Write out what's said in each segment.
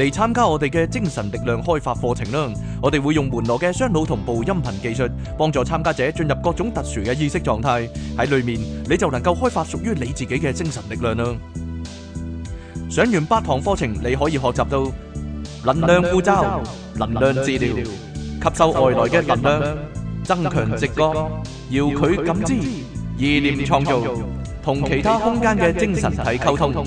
嚟參加我哋嘅精神力量開發課程啦！我哋會用門羅嘅雙腦同步音頻技術，幫助參加者進入各種特殊嘅意識狀態。喺裡面你就能夠開發屬於你自己嘅精神力量啦！上完八堂課程，你可以學習到能量護罩、能量治療、吸收外來嘅能量、增強直覺、遙距感知、意念創造、同其他空間嘅精神體溝通。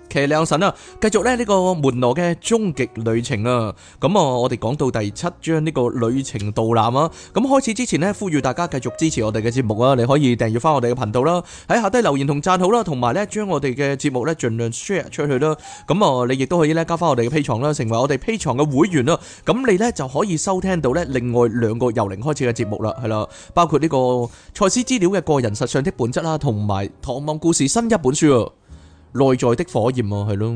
其實神啊，繼續咧呢個門羅嘅終極旅程啊，咁、嗯、啊我哋講到第七章呢個旅程渡難啊，咁、嗯、開始之前呢，呼籲大家繼續支持我哋嘅節目啊，你可以訂閱翻我哋嘅頻道啦、啊，喺下低留言同讚好啦、啊，同埋呢將我哋嘅節目呢盡量 share 出去啦、啊，咁、嗯、啊你亦都可以呢交翻我哋嘅 P 床啦，成為我哋 P 床嘅會員啦、啊，咁、嗯、你呢就可以收聽到呢另外兩個由零開始嘅節目啦，係啦，包括呢個蔡司資料嘅個人實相的本質啦、啊，同埋《唐望故事》新一本書。內在的火焰啊，係咯，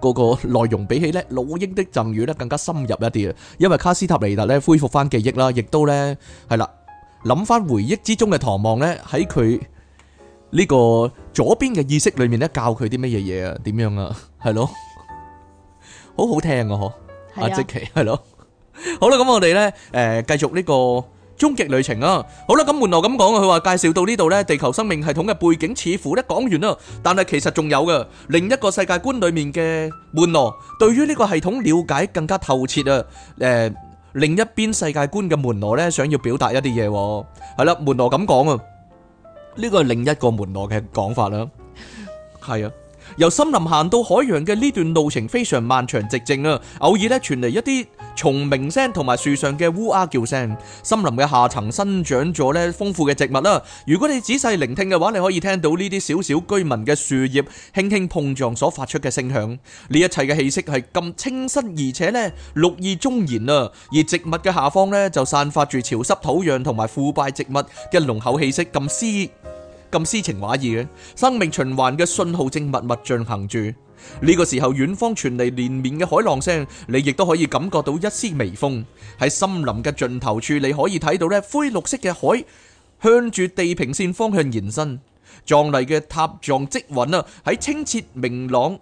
個個內容比起咧老鷹的贈語咧更加深入一啲啊，因為卡斯塔尼達咧恢復翻記憶啦，亦都咧係啦諗翻回憶之中嘅唐望咧喺佢呢個左邊嘅意識裏面咧教佢啲乜嘢嘢啊，點樣啊，係咯，好好聽啊，嗬，阿積奇係咯，好啦，咁我哋咧誒繼續呢個終極旅程啊！好啦，咁門羅咁講啊，佢話介紹到呢度呢，地球生命系統嘅背景似乎咧講完啦，但係其實仲有嘅另一個世界觀裏面嘅門羅，對於呢個系統了解更加透徹啊！誒，另一邊世界觀嘅門羅呢，想要表達一啲嘢，係啦，門羅咁講啊，呢個係另一個門羅嘅講法啦，係啊。由森林行到海洋嘅呢段路程非常漫長、寂靜啊。偶爾咧傳嚟一啲蟲鳴聲同埋樹上嘅烏鴉叫聲。森林嘅下層生長咗咧豐富嘅植物啦。如果你仔細聆聽嘅話，你可以聽到呢啲小小居民嘅樹葉輕輕碰撞所發出嘅聲響。呢一切嘅氣息係咁清新，而且呢綠意盎然啊。而植物嘅下方呢，就散發住潮濕土壤同埋腐敗植物嘅濃厚氣息絲，咁絲。咁詩情畫意嘅，生命循環嘅信號正默默進行住。呢、這個時候，遠方傳嚟連綿嘅海浪聲，你亦都可以感覺到一絲微風。喺森林嘅盡頭處，你可以睇到呢灰綠色嘅海向住地平線方向延伸。壯麗嘅塔狀積雲啊，喺清澈明朗。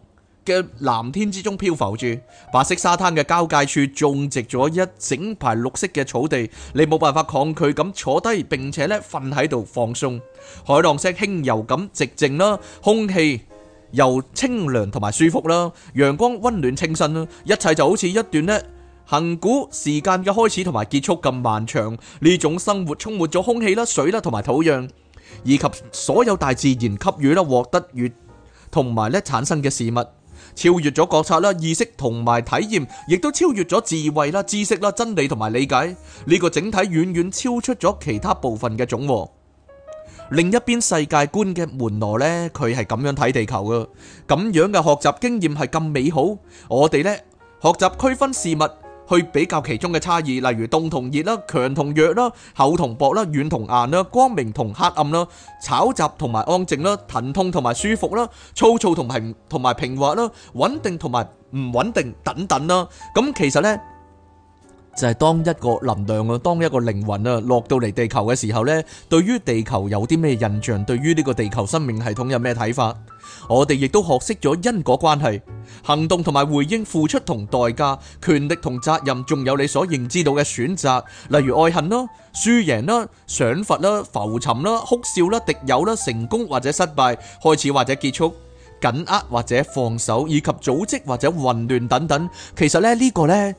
嘅藍天之中漂浮住。白色沙灘嘅交界處種植咗一整排綠色嘅草地，你冇辦法抗拒咁坐低並且咧瞓喺度放鬆，海浪聲輕柔咁寂靜啦，空氣又清涼同埋舒服啦，陽光溫暖清新啦，一切就好似一段呢恆古時間嘅開始同埋結束咁漫長，呢種生活充滿咗空氣啦、水啦同埋土壤，以及所有大自然給予啦、獲得與同埋咧產生嘅事物。超越咗覺察啦、意識同埋體驗，亦都超越咗智慧啦、知識啦、真理同埋理解。呢、這個整體遠遠超出咗其他部分嘅總和。另一邊世界觀嘅門羅呢，佢係咁樣睇地球㗎，咁樣嘅學習經驗係咁美好。我哋呢，學習區分事物。去比較其中嘅差異，例如凍同熱啦、強同弱啦、厚同薄啦、軟同硬啦、光明同黑暗啦、嘈雜同埋安靜啦、疼痛同埋舒服啦、粗糙同埋同埋平滑啦、穩定同埋唔穩定等等啦。咁其實呢。就係當一個能量啊，當一個靈魂啊落到嚟地球嘅時候咧，對於地球有啲咩印象？對於呢個地球生命系統有咩睇法？我哋亦都學識咗因果關係、行動同埋回應、付出同代價、權力同責任，仲有你所認知到嘅選擇，例如愛恨啦、輸贏啦、賞罰啦、浮沉啦、哭笑啦、敵友啦、成功或者失敗、開始或者結束、緊握或者放手，以及組織或者混亂等等。其實咧呢個咧。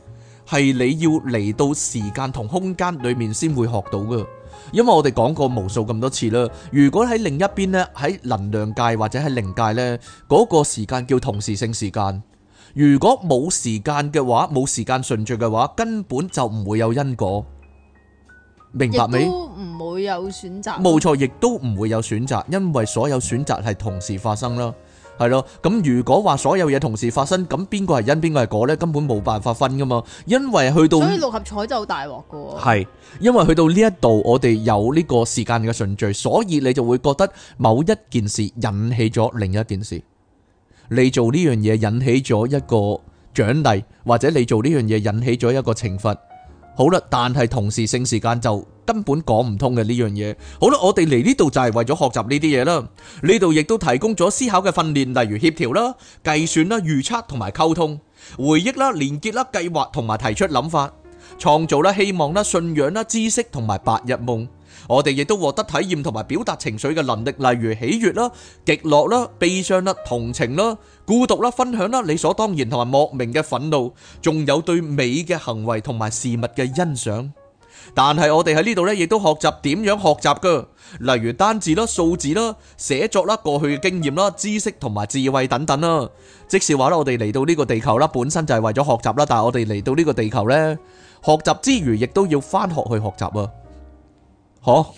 係你要嚟到時間同空間裏面先會學到㗎，因為我哋講過無數咁多次啦。如果喺另一邊呢，喺能量界或者喺靈界呢，嗰個時間叫同時性時間。如果冇時間嘅話，冇時間順序嘅話，根本就唔會有因果。明白未？唔會有選擇。冇錯，亦都唔會有選擇，因為所有選擇係同時發生啦。係咯，咁如果話所有嘢，同時發生，咁邊個係因，邊個係果咧？根本冇辦法分噶嘛。因為去到所以六合彩就大鑊噶。係，因為去到呢一度，我哋有呢個時間嘅順序，所以你就會覺得某一件事引起咗另一件事。你做呢樣嘢引起咗一個獎勵，或者你做呢樣嘢引起咗一個懲罰。好啦，但係同時性時間就根本講唔通嘅呢樣嘢。好啦，我哋嚟呢度就係為咗學習呢啲嘢啦。呢度亦都提供咗思考嘅訓練，例如協調啦、計算啦、預測同埋溝通、回憶啦、連結啦、計劃同埋提出諗法、創造啦、希望啦、信仰啦、知識同埋白日夢。我哋亦都獲得體驗同埋表達情緒嘅能力，例如喜悅啦、極樂啦、悲傷啦、同情啦、孤獨啦、分享啦、理所當然同埋莫名嘅憤怒，仲有對美嘅行為同埋事物嘅欣賞。但係我哋喺呢度呢，亦都學習點樣學習噶，例如單字啦、數字啦、寫作啦、過去嘅經驗啦、知識同埋智慧等等啦。即是話啦，我哋嚟到呢個地球啦，本身就係為咗學習啦，但係我哋嚟到呢個地球呢，學習之餘亦都要返學去學習啊。好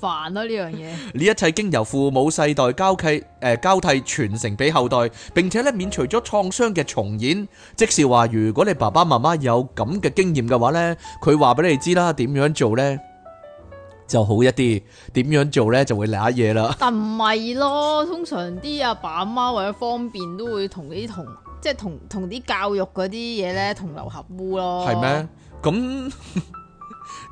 煩啊！呢樣嘢呢，一切經由父母世代交替誒、呃、交替傳承俾後代，並且咧免除咗創傷嘅重演。即是話，如果你爸爸媽媽有咁嘅經驗嘅話呢，佢話俾你知啦，點樣做呢？就好一啲，點樣做呢就會拿嘢啦。但唔係咯，通常啲阿爸阿媽為咗方便，都會同啲同即係同同啲教育嗰啲嘢呢同流合污咯。係咩？咁。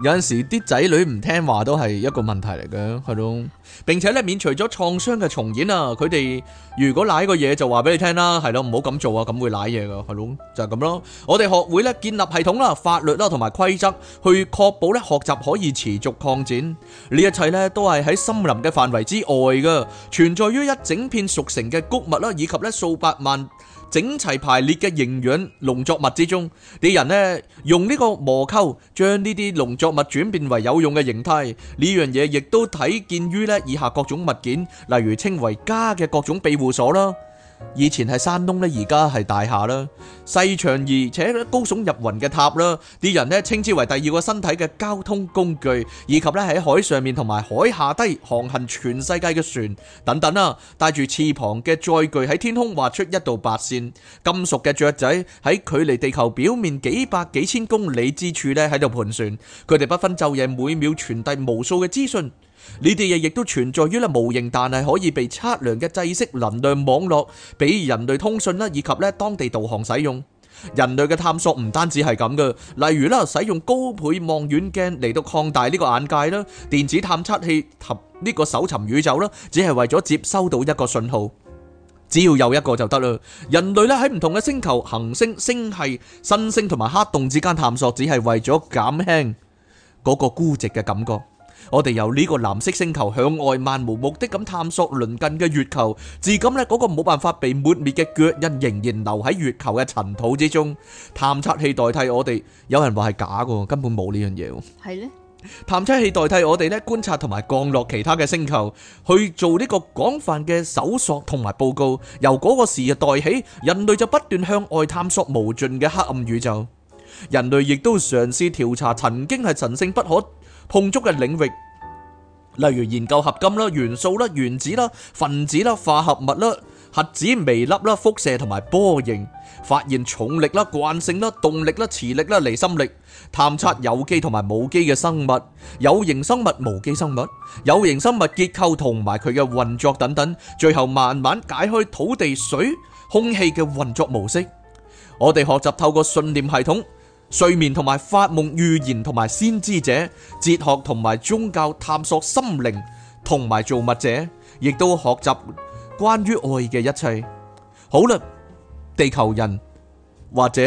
有陣時啲仔女唔聽話都係一個問題嚟嘅，係咯，並且咧免除咗創傷嘅重演啊！佢哋如果舐個嘢就話俾你聽啦，係咯，唔好咁做啊，咁會舐嘢噶，係咯，就係咁咯。我哋學會咧建立系統啦、法律啦同埋規則，去確保咧學習可以持續擴展。呢一切咧都係喺森林嘅範圍之外噶，存在於一整片熟成嘅穀物啦，以及咧數百萬。整齊排列嘅營養農作物之中，啲人呢，用呢個磨溝將呢啲農作物轉變為有用嘅形態。呢樣嘢亦都睇見於呢以下各種物件，例如稱為家嘅各種庇護所啦。以前係山洞呢，而家係大廈啦。細長而且高聳入雲嘅塔啦，啲人咧稱之為第二個身體嘅交通工具，以及咧喺海上面同埋海下低航行全世界嘅船等等啦。帶住翅膀嘅載具喺天空劃出一道白線，金屬嘅雀仔喺距離地球表面幾百幾千公里之處咧喺度盤旋，佢哋不分晝夜，每秒傳遞無數嘅資訊。呢啲嘢亦都存在於咧無形，但係可以被測量嘅制式能量網絡，俾人類通訊啦，以及咧當地導航使用。人類嘅探索唔單止係咁嘅，例如啦，使用高倍望遠鏡嚟到擴大呢個眼界啦，電子探測器及呢個搜尋宇宙啦，只係為咗接收到一個信號，只要有一個就得啦。人類咧喺唔同嘅星球、行星、星系、新星同埋黑洞之間探索，只係為咗減輕嗰個孤寂嘅感覺。我哋由呢個藍色星球向外漫無目的咁探索鄰近嘅月球，至今咧嗰個冇辦法被抹滅嘅腳印仍然留喺月球嘅塵土之中。探測器代替我哋，有人話係假嘅，根本冇呢樣嘢。係咧，探測器代替我哋咧觀察同埋降落其他嘅星球，去做呢個廣泛嘅搜索同埋報告。由嗰個時代起，人類就不斷向外探索無盡嘅黑暗宇宙。人類亦都嘗試調查曾經係神聖不可。碰觸嘅領域，例如研究合金啦、元素啦、原子啦、分子啦、化合物啦、核子微粒啦、輻射同埋波形，發現重力啦、慣性啦、動力啦、磁力啦、離心力，探測有機同埋無機嘅生物，有形生物、無機生物、有形生物結構同埋佢嘅運作等等，最後慢慢解開土地、水、空氣嘅運作模式。我哋學習透過信念系統。睡眠同埋發夢、預言同埋先知者、哲學同埋宗教，探索心靈同埋造物者，亦都學習關於愛嘅一切。好啦，地球人或者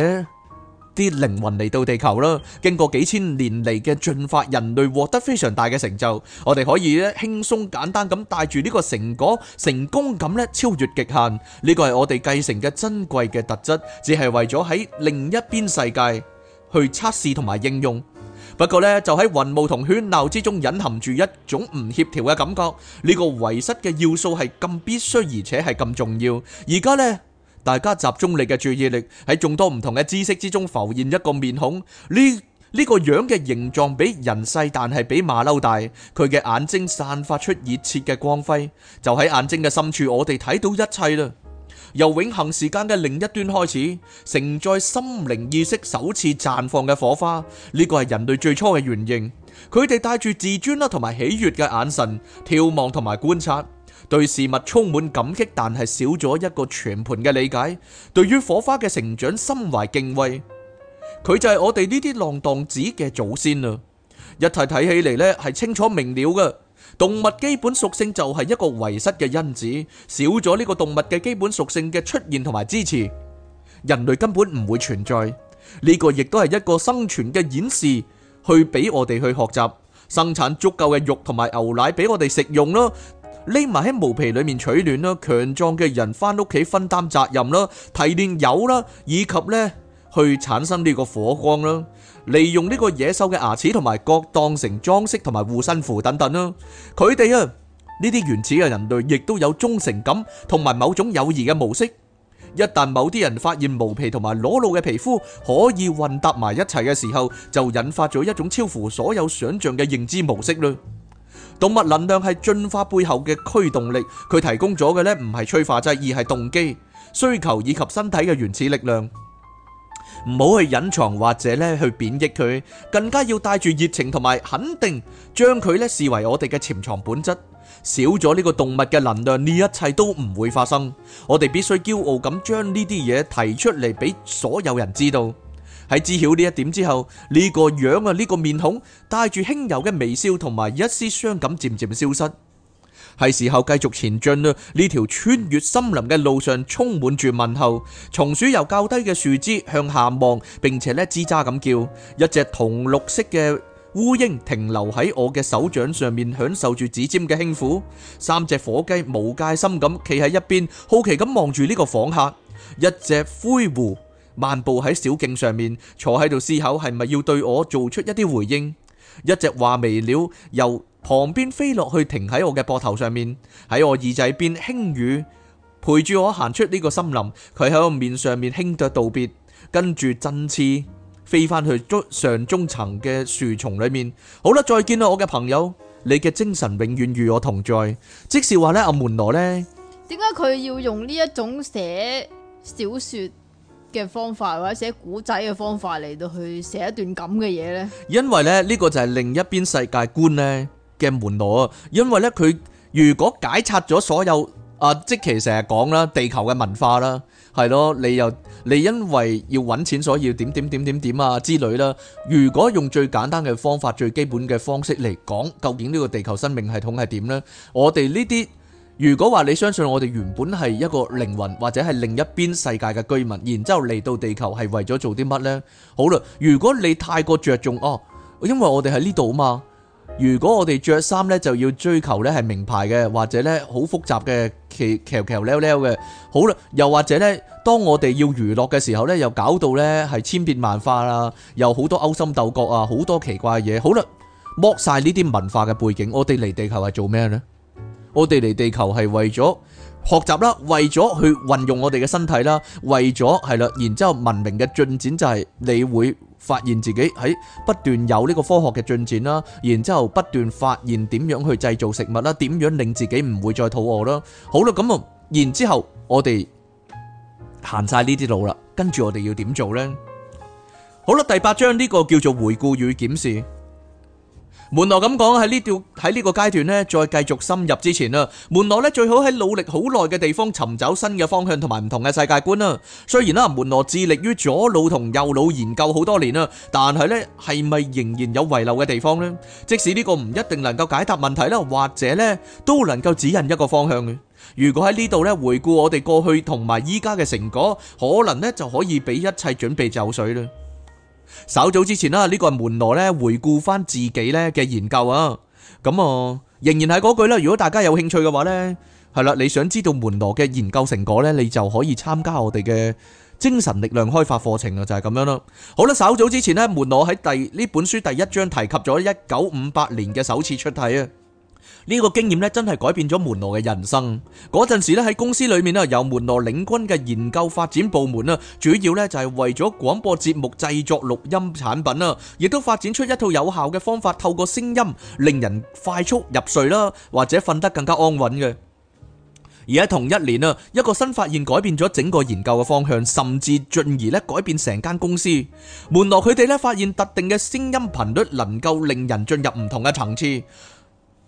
啲靈魂嚟到地球啦，經過幾千年嚟嘅進化，人類獲得非常大嘅成就。我哋可以咧輕鬆簡單咁帶住呢個成果，成功咁咧超越極限。呢個係我哋繼承嘅珍貴嘅特質，只係為咗喺另一邊世界。去測試同埋應用，不過呢，就喺雲霧同喧鬧之中隱含住一種唔協調嘅感覺。呢個遺失嘅要素係咁必須，而且係咁重要。而家呢，大家集中力嘅注意力喺眾多唔同嘅知識之中浮現一個面孔。呢呢個樣嘅形狀比人細，但係比馬騮大。佢嘅眼睛散發出熱切嘅光輝，就喺眼睛嘅深處，我哋睇到一切啦。由永恒時間嘅另一端開始，承載心靈意識首次綻放嘅火花，呢個係人類最初嘅原型。佢哋帶住自尊啦同埋喜悅嘅眼神，眺望同埋觀察，對事物充滿感激，但係少咗一個全盤嘅理解。對於火花嘅成長，心懷敬畏。佢就係我哋呢啲浪蕩子嘅祖先啦。一提睇起嚟呢係清楚明了嘅。動物基本屬性就係一個遺失嘅因子，少咗呢個動物嘅基本屬性嘅出現同埋支持，人類根本唔會存在。呢個亦都係一個生存嘅演示，去俾我哋去學習生產足夠嘅肉同埋牛奶俾我哋食用啦，匿埋喺毛皮裏面取暖啦，強壯嘅人翻屋企分擔責任啦，提煉油啦，以及呢。去產生呢個火光啦，利用呢個野獸嘅牙齒同埋角當成裝飾同埋護身符等等啦。佢哋啊，呢啲原始嘅人類亦都有忠誠感同埋某種友誼嘅模式。一旦某啲人發現毛皮同埋裸露嘅皮膚可以混搭埋一齊嘅時候，就引發咗一種超乎所有想像嘅認知模式啦。動物能量係進化背後嘅驅動力，佢提供咗嘅呢唔係催化劑，而係動機、需求以及身體嘅原始力量。唔好去隱藏或者咧去貶抑佢，更加要帶住熱情同埋肯定，將佢咧視為我哋嘅潛藏本質。少咗呢個動物嘅能量，呢一切都唔會發生。我哋必須驕傲咁將呢啲嘢提出嚟俾所有人知道。喺知曉呢一點之後，呢個樣啊，呢個面孔帶住輕柔嘅微笑同埋一絲傷感，漸漸消失。係時候繼續前進啦！呢條穿越森林嘅路上充滿住問候，松鼠由較低嘅樹枝向下望，並且咧吱喳咁叫。一隻銅綠色嘅烏蠅停留喺我嘅手掌上面，享受住指尖嘅輕撫。三隻火雞無戒心咁企喺一邊，好奇咁望住呢個訪客。一隻灰狐漫步喺小徑上面，坐喺度思考係咪要對我做出一啲回應。一隻畫眉鳥又旁邊飛落去停喺我嘅膊頭上面，喺我耳仔邊輕語，陪住我行出呢個森林。佢喺我面上面輕啄道別，跟住振翅飛翻去中上中層嘅樹叢裏面。好啦，再見啦，我嘅朋友，你嘅精神永遠與我同在。即是話呢，阿門羅呢？點解佢要用呢一種寫小說嘅方法或者寫古仔嘅方法嚟到去寫一段咁嘅嘢呢？因為呢，呢個就係另一邊世界觀呢。嘅門路啊，因為咧佢如果解拆咗所有啊，即其成日講啦，地球嘅文化啦，係咯，你又你因為要揾錢，所以要點點點點點啊之類啦。如果用最簡單嘅方法、最基本嘅方式嚟講，究竟呢個地球生命系統係點呢？我哋呢啲，如果話你相信我哋原本係一個靈魂或者係另一邊世界嘅居民，然之後嚟到地球係為咗做啲乜呢？好啦，如果你太過著重哦，因為我哋喺呢度啊嘛。如果我哋着衫呢，就要追求呢係名牌嘅，或者呢好複雜嘅，奇其其嘅，好啦，又或者呢，當我哋要娛樂嘅時候呢，又搞到呢係千變萬化啦，又好多勾心鬥角啊，好多奇怪嘢。好啦，剝晒呢啲文化嘅背景，我哋嚟地球係做咩呢？我哋嚟地球係為咗學習啦，為咗去運用我哋嘅身體啦，為咗係啦，然之後文明嘅進展就係你會。發現自己喺不斷有呢個科學嘅進展啦，然之後不斷發現點樣去製造食物啦，點樣令自己唔會再肚餓啦。好啦，咁啊，然之後我哋行晒呢啲路啦，跟住我哋要點做呢？好啦，第八章呢個叫做回顧與檢視。門羅咁講，喺呢度喺呢個階段咧，再繼續深入之前啦，門羅咧，最好喺努力好耐嘅地方尋找新嘅方向同埋唔同嘅世界觀啦。雖然啦，門羅致力於左腦同右腦研究好多年啦，但係咧係咪仍然有遺漏嘅地方呢？即使呢個唔一定能夠解答問題啦，或者咧都能夠指引一個方向嘅。如果喺呢度咧回顧我哋過去同埋依家嘅成果，可能咧就可以俾一切準備就緒啦。稍早之前啦，呢個係門羅呢，回顧翻自己呢嘅研究啊，咁啊仍然係嗰句啦，如果大家有興趣嘅話呢，係啦，你想知道門羅嘅研究成果呢，你就可以參加我哋嘅精神力量開發課程啊，就係、是、咁樣啦。好啦，稍早之前呢，門羅喺第呢本書第一章提及咗一九五八年嘅首次出體啊。呢個經驗咧，真係改變咗門羅嘅人生。嗰陣時咧，喺公司裏面咧，由門羅領軍嘅研究發展部門啦，主要咧就係為咗廣播節目製作錄音產品啦，亦都發展出一套有效嘅方法，透過聲音令人快速入睡啦，或者瞓得更加安穩嘅。而喺同一年啦，一個新發現改變咗整個研究嘅方向，甚至進而咧改變成間公司。門羅佢哋咧發現特定嘅聲音頻率能夠令人進入唔同嘅層次。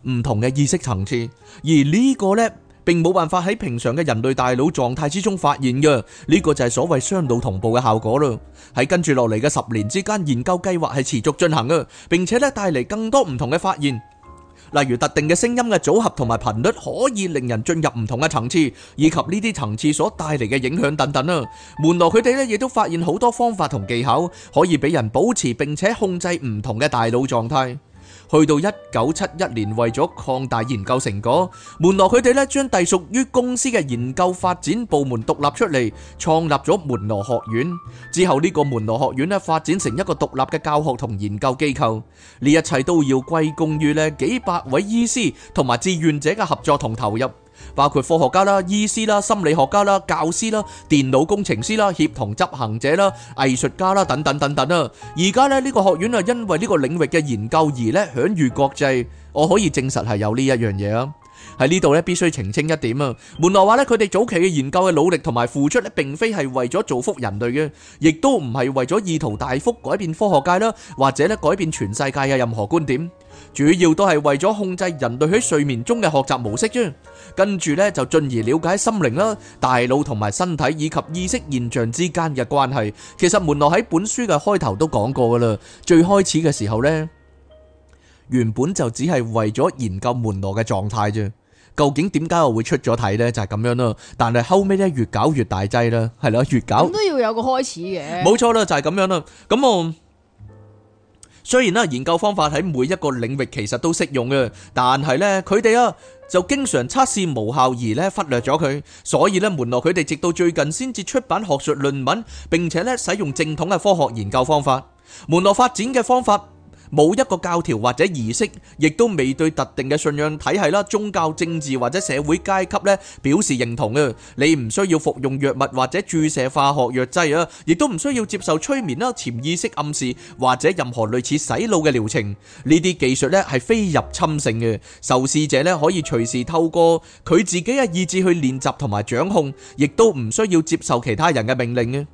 唔同嘅意識層次，而呢個呢並冇辦法喺平常嘅人類大腦狀態之中發現嘅，呢個就係所謂雙腦同步嘅效果啦。喺跟住落嚟嘅十年之間，研究計劃係持續進行啊，並且呢帶嚟更多唔同嘅發現，例如特定嘅聲音嘅組合同埋頻率可以令人進入唔同嘅層次，以及呢啲層次所帶嚟嘅影響等等啊。門羅佢哋呢亦都發現好多方法同技巧可以俾人保持並且控制唔同嘅大腦狀態。去到一九七一年，為咗擴大研究成果，門羅佢哋咧將隸屬於公司嘅研究發展部門獨立出嚟，創立咗門羅學院。之後呢個門羅學院咧發展成一個獨立嘅教學同研究機構，呢一切都要歸功於呢幾百位醫師同埋志願者嘅合作同投入。包括科學家啦、醫師啦、心理學家啦、教師啦、電腦工程師啦、協同執行者啦、藝術家啦等等等等啦！而家咧呢個學院啊，因為呢個領域嘅研究而咧享譽國際。我可以證實係有呢一樣嘢啊！喺呢度咧，必須澄清一點啊，門羅話咧，佢哋早期嘅研究嘅努力同埋付出咧，並非係為咗造福人類嘅，亦都唔係為咗意圖大幅改變科學界啦，或者咧改變全世界嘅任何觀點，主要都係為咗控制人類喺睡眠中嘅學習模式啫。跟住咧就進而了解心靈啦、大腦同埋身體以及意識現象之間嘅關係。其實門羅喺本書嘅開頭都講過噶啦，最開始嘅時候咧，原本就只係為咗研究門羅嘅狀態啫。究竟點解我會出咗體咧？就係咁樣啦。但係後尾咧，越搞越大劑啦，係啦，越搞咁都要有個開始嘅。冇錯啦，就係咁樣啦。咁我雖然啦研究方法喺每一個領域其實都適用嘅，但係咧佢哋啊就經常測試無效而咧忽略咗佢，所以咧門羅佢哋直到最近先至出版學術論文，並且咧使用正統嘅科學研究方法，門羅發展嘅方法。冇一個教條或者儀式，亦都未對特定嘅信仰體系啦、宗教、政治或者社會階級呢表示認同嘅。你唔需要服用藥物或者注射化學藥劑啊，亦都唔需要接受催眠啦、潛意識暗示或者任何類似洗腦嘅療程。呢啲技術呢係非入侵性嘅，受試者呢可以隨時透過佢自己嘅意志去練習同埋掌控，亦都唔需要接受其他人嘅命令嘅。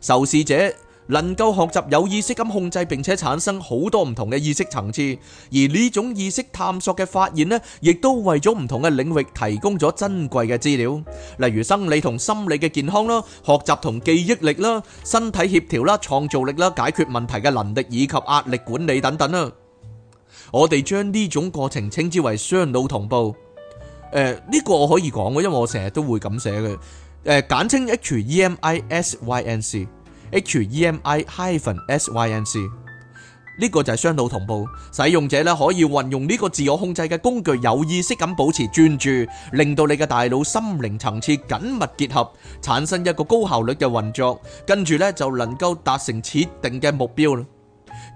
受試者，能夠學習有意識咁控制，並且產生好多唔同嘅意識層次，而呢種意識探索嘅發現呢，亦都為咗唔同嘅領域提供咗珍貴嘅資料，例如生理同心理嘅健康啦、學習同記憶力啦、身體協調啦、創造力啦、解決問題嘅能力以及壓力管理等等啦。我哋將呢種過程稱之為雙腦同步。誒，呢個我可以講嘅，因為我成日都會咁寫嘅。誒，簡稱 H E M I S Y N C。H E M I hyphen S Y N C，呢個就係雙腦同步，使用者咧可以運用呢個自我控制嘅工具，有意識咁保持專注，令到你嘅大腦心靈層次緊密結合，產生一個高效率嘅運作，跟住咧就能夠達成設定嘅目標啦。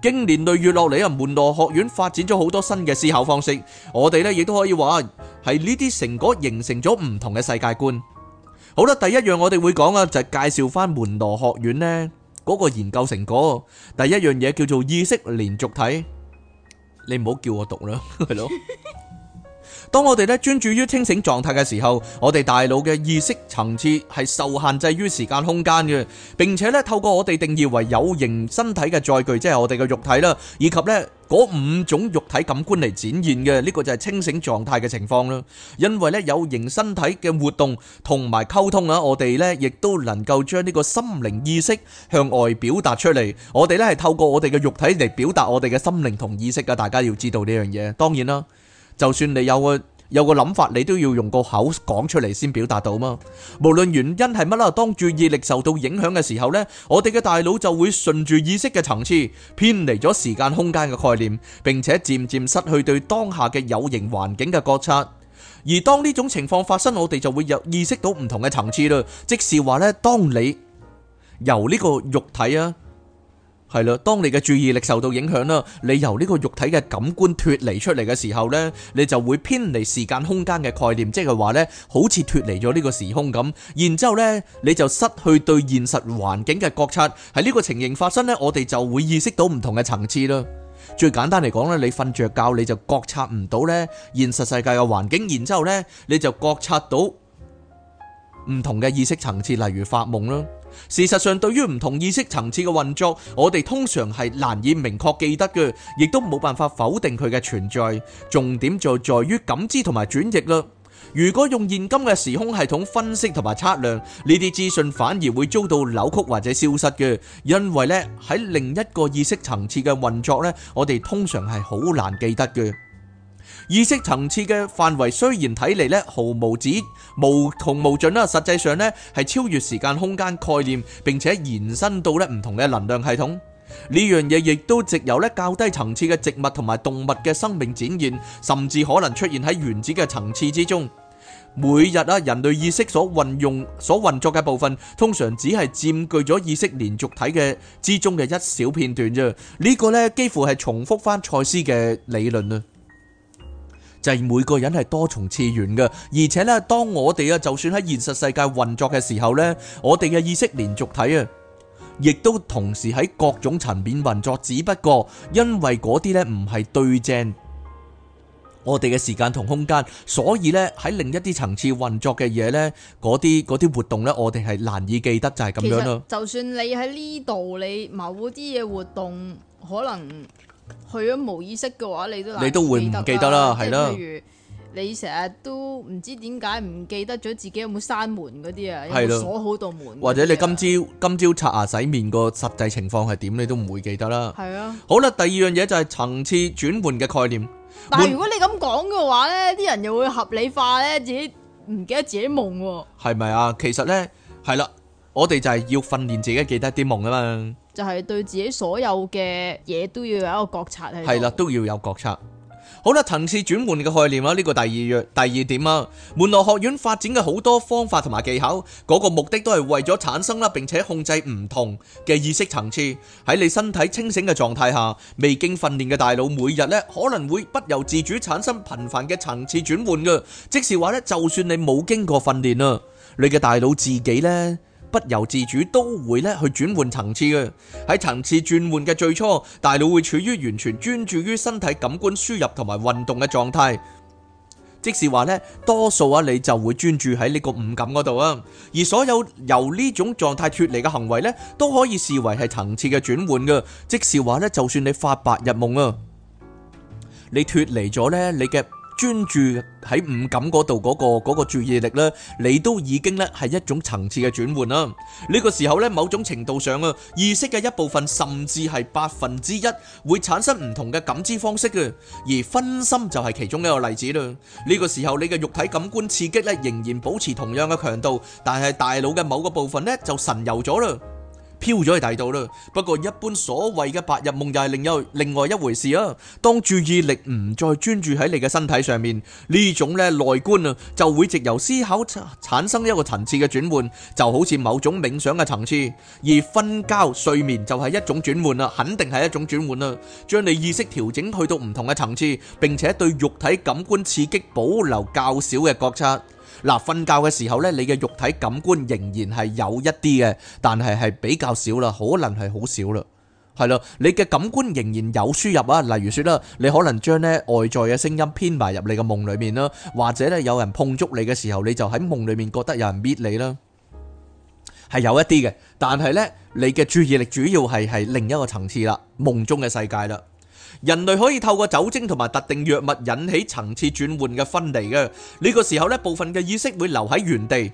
經年累月落嚟啊，門羅學院發展咗好多新嘅思考方式，我哋咧亦都可以話係呢啲成果形成咗唔同嘅世界觀。好啦，第一樣我哋會講啊，就係介紹返門羅學院呢，嗰個研究成果。第一樣嘢叫做意識連續體。你唔好叫我讀啦，係囉。當我哋呢，專注於清醒狀態嘅時候，我哋大腦嘅意識層次係受限制於時間空間嘅。並且呢，透過我哋定義為有形身體嘅載具，即係我哋嘅肉體啦，以及呢, 嗰五種肉體感官嚟展現嘅呢個就係清醒狀態嘅情況啦，因為咧有形身體嘅活動同埋溝通啊，我哋呢亦都能夠將呢個心靈意識向外表達出嚟。我哋呢係透過我哋嘅肉體嚟表達我哋嘅心靈同意識噶，大家要知道呢樣嘢。當然啦，就算你有個有個諗法，你都要用個口講出嚟先表達到嘛。無論原因係乜啦，當注意力受到影響嘅時候呢，我哋嘅大腦就會順住意識嘅層次，偏離咗時間空間嘅概念，並且漸漸失去對當下嘅有形環境嘅覺察。而當呢種情況發生，我哋就會有意識到唔同嘅層次啦。即是話呢，當你由呢個肉體啊。係啦，當你嘅注意力受到影響啦，你由呢個肉體嘅感官脫離出嚟嘅時候呢，你就會偏離時間空間嘅概念，即係話呢，好似脫離咗呢個時空咁。然之後呢，你就失去對現實環境嘅覺察。喺呢個情形發生呢，我哋就會意識到唔同嘅層次咯。最簡單嚟講呢，你瞓着覺你就覺察唔到呢現實世界嘅環境，然之後呢你就覺察到唔同嘅意識層次，例如發夢啦。事實上，對於唔同意識層次嘅運作，我哋通常係難以明確記得嘅，亦都冇辦法否定佢嘅存在。重點就在於感知同埋轉譯啦。如果用現今嘅時空系統分析同埋測量呢啲資訊，反而會遭到扭曲或者消失嘅，因為呢，喺另一個意識層次嘅運作呢，我哋通常係好難記得嘅。意識層次嘅範圍雖然睇嚟咧毫無止無窮無盡啦，實際上咧係超越時間空間概念並且延伸到咧唔同嘅能量系統。呢樣嘢亦都藉由咧較低層次嘅植物同埋動物嘅生命展現，甚至可能出現喺原子嘅層次之中。每日啊，人類意識所運用、所運作嘅部分，通常只係佔據咗意識連續體嘅之中嘅一小片段啫。呢個咧幾乎係重複翻賽斯嘅理論啦。就係每個人係多重次元嘅，而且咧，當我哋啊，就算喺現實世界運作嘅時候呢，我哋嘅意識連續體啊，亦都同時喺各種層面運作。只不過因為嗰啲呢唔係對正我哋嘅時間同空間，所以呢喺另一啲層次運作嘅嘢呢，嗰啲嗰啲活動呢，我哋係難以記得就係咁樣咯。就算你喺呢度，你某啲嘢活動可能。去咗無意識嘅話，你都你都會唔記得啦，係啦。即係譬如的你成日都唔知點解唔記得咗自己有冇閂門嗰啲啊，的有冇鎖好道門？的或者你今朝今朝刷牙洗面個實際情況係點，你都唔會記得啦。係啊的。好啦，第二樣嘢就係層次轉換嘅概念。但係如果你咁講嘅話咧，啲人又會合理化咧自己唔記得自己夢喎。係咪啊？其實咧係啦，我哋就係要訓練自己記得啲夢啊嘛。就係對自己所有嘅嘢都要有一個覺察，係啦，都要有覺察。好啦，層次轉換嘅概念啦，呢個第二樣第二點啦，門羅學院發展嘅好多方法同埋技巧，嗰個目的都係為咗產生啦，並且控制唔同嘅意識層次。喺你身體清醒嘅狀態下，未經訓練嘅大腦每日咧可能會不由自主產生頻繁嘅層次轉換嘅，即是話咧，就算你冇經過訓練啊，你嘅大腦自己咧。不由自主都會咧去轉換層次嘅，喺層次轉換嘅最初，大腦會處於完全專注於身體感官輸入同埋運動嘅狀態，即是話咧，多數啊你就會專注喺呢個五感嗰度啊，而所有由呢種狀態脫離嘅行為咧，都可以視為係層次嘅轉換嘅，即是話咧，就算你發白日夢啊，你脫離咗咧你嘅。專注喺五感嗰度嗰個嗰個注意力咧，你都已經咧係一種層次嘅轉換啦。呢個時候咧，某種程度上啊，意識嘅一部分甚至係百分之一會產生唔同嘅感知方式嘅，而分心就係其中一個例子啦。呢個時候你嘅肉體感官刺激咧仍然保持同樣嘅強度，但係大腦嘅某個部分咧就神遊咗啦。飄咗去第度啦，不過一般所謂嘅白日夢又係另有另外一回事啊。當注意力唔再專注喺你嘅身體上面，種呢種咧內觀啊，就會藉由思考產生一個層次嘅轉換，就好似某種冥想嘅層次。而瞓覺睡眠就係一種轉換啦，肯定係一種轉換啦，將你意識調整去到唔同嘅層次，並且對肉體感官刺激保留較少嘅覺察。嗱，瞓覺嘅時候咧，你嘅肉體感官仍然係有一啲嘅，但係係比較少啦，可能係好少啦，係咯。你嘅感官仍然有輸入啊，例如説啦，你可能將咧外在嘅聲音編埋入你嘅夢裡面啦，或者咧有人碰觸你嘅時候，你就喺夢裡面覺得有人搣你啦，係有一啲嘅，但係咧你嘅注意力主要係喺另一個層次啦，夢中嘅世界啦。人類可以透過酒精同埋特定藥物引起層次轉換嘅分離嘅呢個時候咧，部分嘅意識會留喺原地，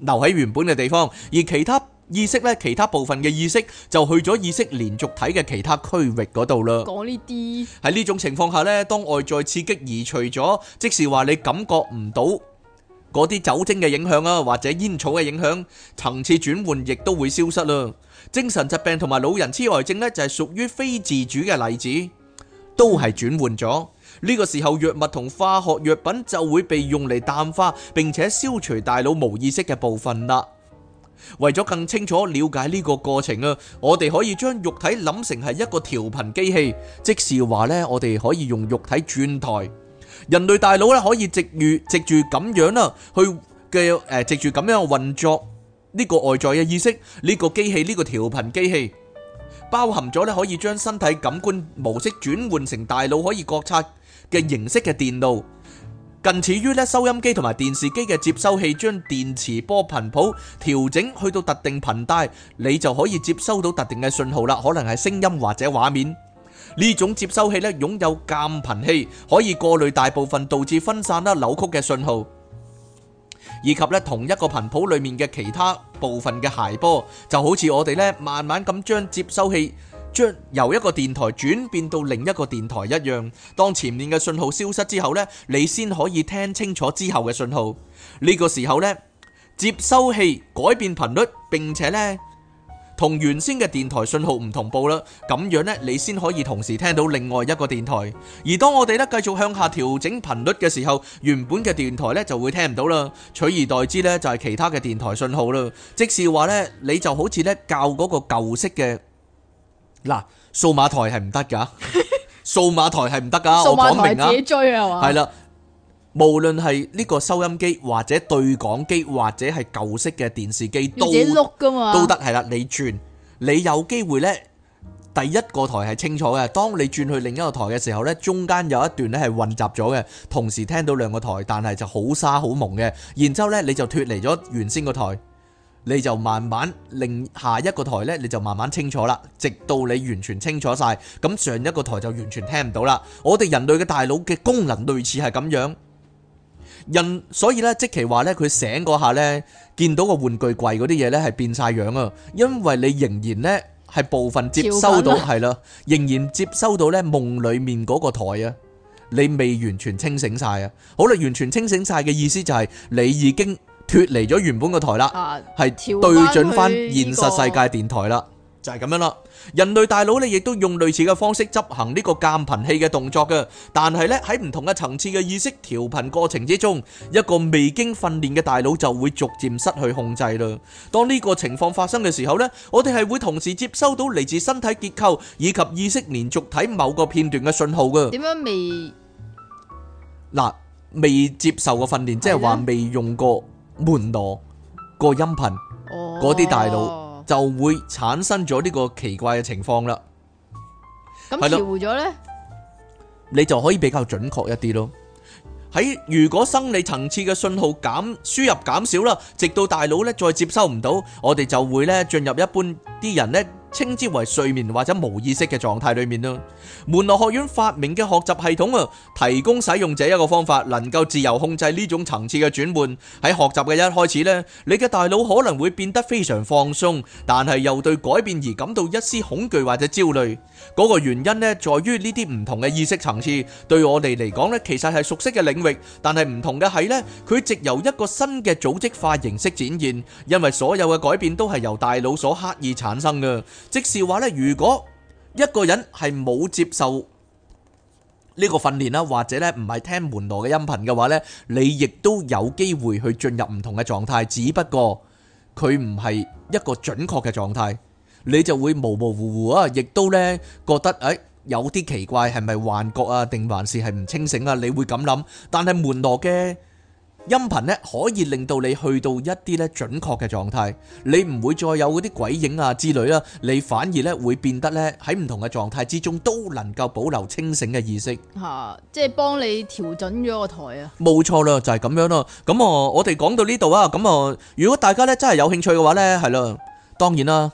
留喺原本嘅地方，而其他意識咧，其他部分嘅意識就去咗意識連續體嘅其他區域嗰度啦。講呢啲，喺呢種情況下咧，當外在刺激移除咗，即係話你感覺唔到嗰啲酒精嘅影響啦，或者煙草嘅影響，層次轉換亦都會消失啦。精神疾病同埋老人痴呆症呢，就係屬於非自主嘅例子，都係轉換咗呢、這個時候，藥物同化學藥品就會被用嚟，淡化，並且消除大腦無意識嘅部分啦。為咗更清楚了解呢個過程啊，我哋可以將肉體諗成係一個調頻機器，即是話呢，我哋可以用肉體轉台，人類大腦呢，可以直住直住咁樣啦，去嘅、誒、呃、直住咁樣運作。呢個外在嘅意識，呢個機器，呢個調頻機器，包含咗咧可以將身體感官模式轉換成大腦可以覺察嘅形式嘅電路，近似於咧收音機同埋電視機嘅接收器，將電磁波頻譜調整去到特定頻帶，你就可以接收到特定嘅信號啦，可能係聲音或者畫面。呢種接收器咧擁有鑑頻器，可以過濾大部分導致分散啦扭曲嘅信號。以及咧同一個頻譜裏面嘅其他部分嘅諧波，就好似我哋咧慢慢咁將接收器將由一個電台轉變到另一個電台一樣。當前面嘅信號消失之後咧，你先可以聽清楚之後嘅信號。呢個時候咧，接收器改變頻率，並且咧。同原先嘅電台信號唔同步啦，咁樣呢，你先可以同時聽到另外一個電台。而當我哋咧繼續向下調整頻率嘅時候，原本嘅電台咧就會聽唔到啦，取而代之呢，就係其他嘅電台信號啦。即是話呢，你就好似咧校嗰個舊式嘅，嗱，數碼台係唔得噶，數碼台係唔得噶，我講明喇，係啦。無論係呢個收音機、或者對講機，或者係舊式嘅電視機，都都得係啦。你轉，你有機會咧，第一個台係清楚嘅。當你轉去另一個台嘅時候咧，中間有一段咧係混雜咗嘅，同時聽到兩個台，但係就好沙好矇嘅。然之後咧，你就脫離咗原先個台，你就慢慢令下一個台咧，你就慢慢清楚啦。直到你完全清楚晒，咁上一個台就完全聽唔到啦。我哋人類嘅大腦嘅功能類似係咁樣。人所以咧，即其話咧，佢醒嗰下咧，見到個玩具櫃嗰啲嘢咧係變晒樣啊，因為你仍然咧係部分接收到，係啦，仍然接收到咧夢裡面嗰個台啊，你未完全清醒晒啊，好啦，完全清醒晒嘅意思就係你已經脱離咗原本個台，啊這個台啦，係對準翻現實世界電台啦。就係咁樣啦，人類大腦咧亦都用類似嘅方式執行呢個鑒頻器嘅動作嘅，但係咧喺唔同嘅層次嘅意識調頻過程之中，一個未經訓練嘅大腦就會逐漸失去控制啦。當呢個情況發生嘅時候咧，我哋係會同時接收到嚟自身體結構以及意識連續體某個片段嘅信號嘅。點樣未？嗱，未接受過訓練，即係話未用過門羅個音頻嗰啲大腦。就會產生咗呢個奇怪嘅情況啦。咁調回咗咧，你就可以比較準確一啲咯。喺如果生理層次嘅信號減輸入減少啦，直到大腦咧再接收唔到，我哋就會咧進入一般啲人咧，稱之為睡眠或者無意識嘅狀態裏面。門羅學院發明嘅學習系統，提供使用者一個方法，能夠自由控制呢種層次嘅轉換。喺學習嘅一開始，你嘅大腦可能會變得非常放鬆，但係又對改變而感到一絲恐懼或者焦慮。嗰個原因在於呢啲唔同嘅意識層次，對我哋嚟講，其實係熟悉嘅領域，但係唔同嘅係，佢藉由一個新嘅組織化形式展現，因為所有嘅改變都係由大腦所刻意產生嘅。即是話咧，如果一個人係冇接受呢個訓練啦，或者咧唔係聽門羅嘅音頻嘅話咧，你亦都有機會去進入唔同嘅狀態，只不過佢唔係一個準確嘅狀態，你就會模模糊糊啊，亦都咧覺得誒有啲奇怪，係咪幻覺啊？定還是係唔清醒啊？你會咁諗，但係門羅嘅。音頻咧可以令到你去到一啲咧準確嘅狀態，你唔會再有嗰啲鬼影啊之類啊，你反而咧會變得咧喺唔同嘅狀態之中都能夠保留清醒嘅意識。吓，即係幫你調準咗個台啊！冇錯啦，就係咁樣咯。咁啊，我哋講到呢度啊，咁啊，如果大家咧真係有興趣嘅話咧，係啦，當然啦，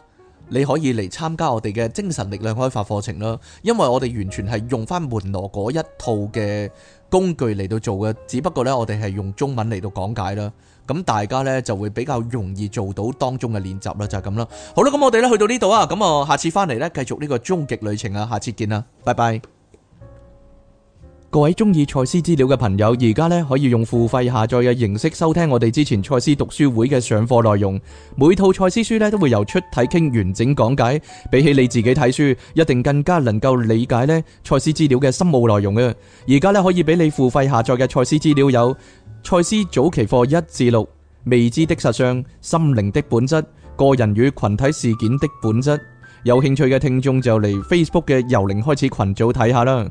你可以嚟參加我哋嘅精神力量開發課程啦，因為我哋完全係用翻門羅嗰一套嘅。工具嚟到做嘅，只不過呢，我哋係用中文嚟到講解啦。咁大家呢，就會比較容易做到當中嘅練習啦，就係咁啦。好啦，咁我哋呢去到呢度啊，咁我下次翻嚟呢，繼續呢個終極旅程啊，下次見啦，拜拜。各位中意賽斯資料嘅朋友，而家咧可以用付費下載嘅形式收聽我哋之前賽斯讀書會嘅上課內容。每套賽斯書咧都會由出體傾完整講解，比起你自己睇書，一定更加能夠理解呢賽斯資料嘅深奧內容啊！而家咧可以俾你付費下載嘅賽斯資料有賽斯早期課一至六、未知的實相、心靈的本質、個人與群體事件的本質。有興趣嘅聽眾就嚟 Facebook 嘅由零開始群組睇下啦。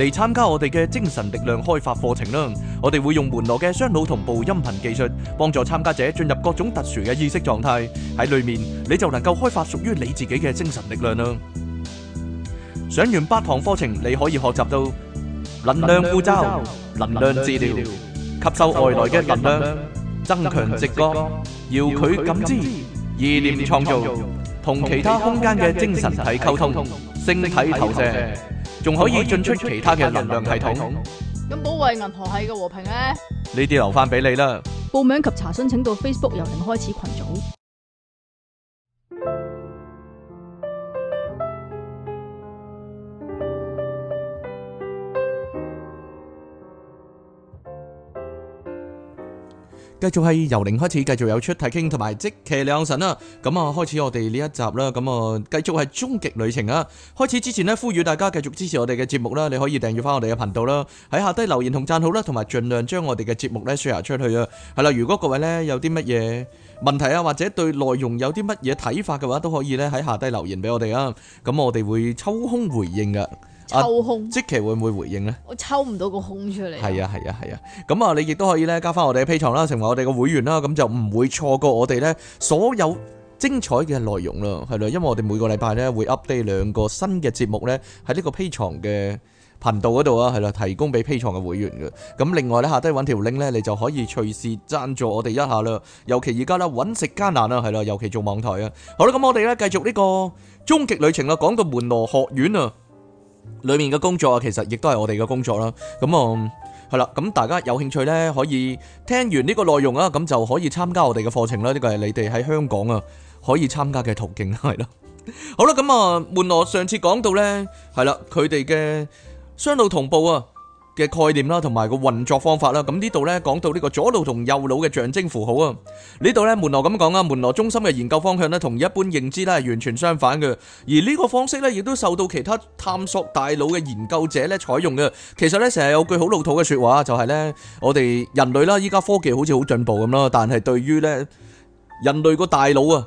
嚟參加我哋嘅精神力量開發課程啦！我哋會用門羅嘅雙腦同步音頻技術，幫助參加者進入各種特殊嘅意識狀態。喺裏面你就能夠開發屬於你自己嘅精神力量啦！上完八堂課程，你可以學習到能量聚焦、能量治療、吸收外來嘅能量、增強直覺、遙距感知、意念創造、同其他空間嘅精神體溝通、星體投射。仲可以進出其他嘅能量系統。咁保衛銀河系嘅和平咧？呢啲留翻俾你啦。報名及查詢請到 Facebook 由零開始群組。繼續係由零開始，繼續有出題傾同埋即騎兩神啦。咁啊，開始我哋呢一集啦。咁啊，繼續係終極旅程啊。開始之前呢，呼籲大家繼續支持我哋嘅節目啦。你可以訂閱翻我哋嘅頻道啦，喺下低留言同讚好啦，同埋盡量將我哋嘅節目咧 share 出去啊。係啦，如果各位呢有啲乜嘢問題啊，或者對內容有啲乜嘢睇法嘅話，都可以呢喺下低留言俾我哋啊。咁我哋會抽空回應噶。抽空即期 k 會唔會回應呢？我抽唔到個空出嚟。係啊，係啊，係啊。咁啊，啊，你亦都可以咧加翻我哋嘅 P 床啦，on, 成為我哋嘅會員啦。咁就唔會錯過我哋呢所有精彩嘅內容咯。係咯，因為我哋每個禮拜咧會 update 兩個新嘅節目咧喺呢個 P 床嘅頻道嗰度啊。係咯，提供俾 P 床嘅會員嘅。咁另外咧下低揾條 link 咧，你就可以隨時贊助我哋一下啦。尤其而家咧揾食艱難啊，係咯，尤其做網台啊。好啦，咁我哋咧繼續呢個終極旅程啦。講到門羅學院啊。裏面嘅工作啊，其實亦都係我哋嘅工作啦。咁、嗯、啊，係啦。咁大家有興趣咧，可以聽完呢個內容啊，咁就可以參加我哋嘅課程啦。呢個係你哋喺香港啊可以參加嘅途徑係啦。好啦，咁啊，門羅我上次講到咧，係啦，佢哋嘅雙腦同步啊，嘅概念啦，同埋個運作方法啦，咁呢度咧講到呢個左腦同右腦嘅象徵符號啊，呢度咧門羅咁講啊，門羅中心嘅研究方向咧同一般認知咧係完全相反嘅，而呢個方式咧亦都受到其他探索大腦嘅研究者咧採用嘅。其實咧成日有句好老土嘅說話就係咧，我哋人類啦，依家科技好似好進步咁啦，但係對於咧人類個大腦啊。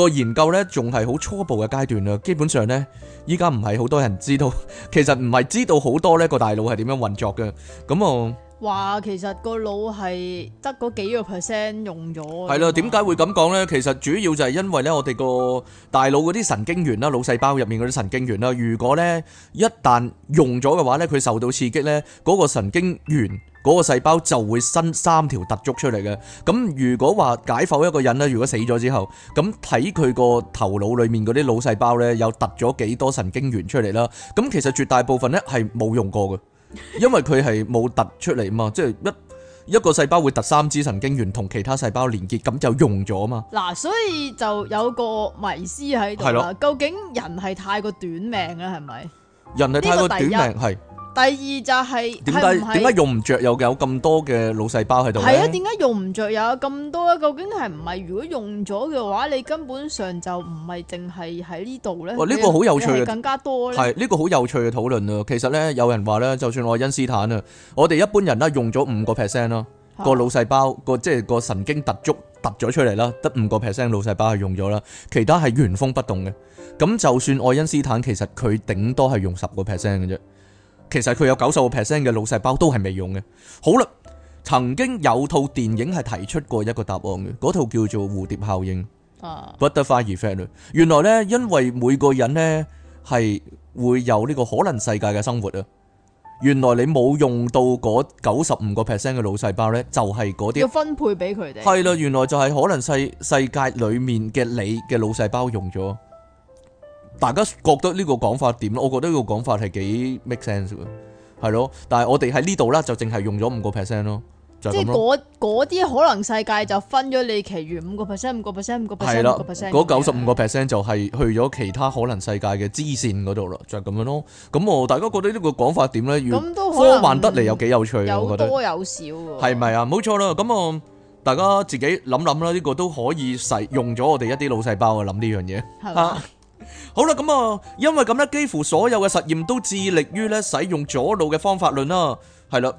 個研究咧仲係好初步嘅階段啦，基本上咧依家唔係好多人知道，其實唔係知道好多咧個大腦係點樣運作嘅咁啊。我話其實個腦係得嗰幾個 percent 用咗係啦。點解會咁講咧？其實主要就係因為咧，我哋個大腦嗰啲神經元啦，腦細胞入面嗰啲神經元啦，如果咧一旦用咗嘅話咧，佢受到刺激咧，嗰個神經元。嗰個細胞就會伸三條突觸出嚟嘅。咁如果話解剖一個人呢，如果死咗之後，咁睇佢個頭腦裏面嗰啲腦細胞呢，有突咗幾多神經元出嚟啦？咁其實絕大部分呢係冇用過嘅，因為佢係冇突出嚟嘛。 即係一一個細胞會突三支神經元同其他細胞連結，咁就用咗嘛。嗱，所以就有個迷思喺度了究竟人係太過短命咧，係咪？人係太過短命，係。第二就係點解點解用唔着，又有咁多嘅腦細胞喺度咧？係啊，點解用唔着又有咁多，究竟係唔係如果用咗嘅話，你根本上就唔係淨係喺呢度咧？呢、哦，這個好有趣嘅，更加多係呢、哦，這個好有趣嘅討論啊！其實咧，有人話咧，就算愛因斯坦啊，我哋一般人啦，用咗五個 percent 啦，個腦細胞個即係個神經突觸突咗出嚟啦，得五個 percent 腦細胞係用咗啦，其他係原封不動嘅。咁就算愛因斯坦，其實佢頂多係用十個 percent 嘅啫。其實佢有九十五 percent 嘅腦細胞都係未用嘅。好啦，曾經有套電影係提出過一個答案嘅，嗰套叫做《蝴蝶效應》啊，Butterfly Effect。原來呢，因為每個人呢係會有呢個可能世界嘅生活啊。原來你冇用到嗰九十五個 percent 嘅腦細胞呢，就係嗰啲要分配俾佢哋。係啦，原來就係可能世世界裏面嘅你嘅腦細胞用咗。大家覺得呢個講法點？我覺得呢個講法係幾 make sense 嘅，係咯。但係我哋喺呢度咧，就淨係用咗五個 percent 咯，即係嗰啲可能世界就分咗你，其餘五個 percent、五個 percent、五個 percent、係啦，嗰九十五個 percent 就係去咗其他可能世界嘅支線嗰度啦，就係、是、咁樣咯。咁我大家覺得呢個講法點咧？咁科幻得嚟有幾有趣，我覺得多有少喎。係咪啊？冇錯啦。咁啊，大家自己諗諗啦，呢、這個都可以使用咗我哋一啲腦細胞去諗呢樣嘢，係吧 好啦，咁啊，因為咁咧，幾乎所有嘅實驗都致力於咧使用左腦嘅方法論啦，係啦。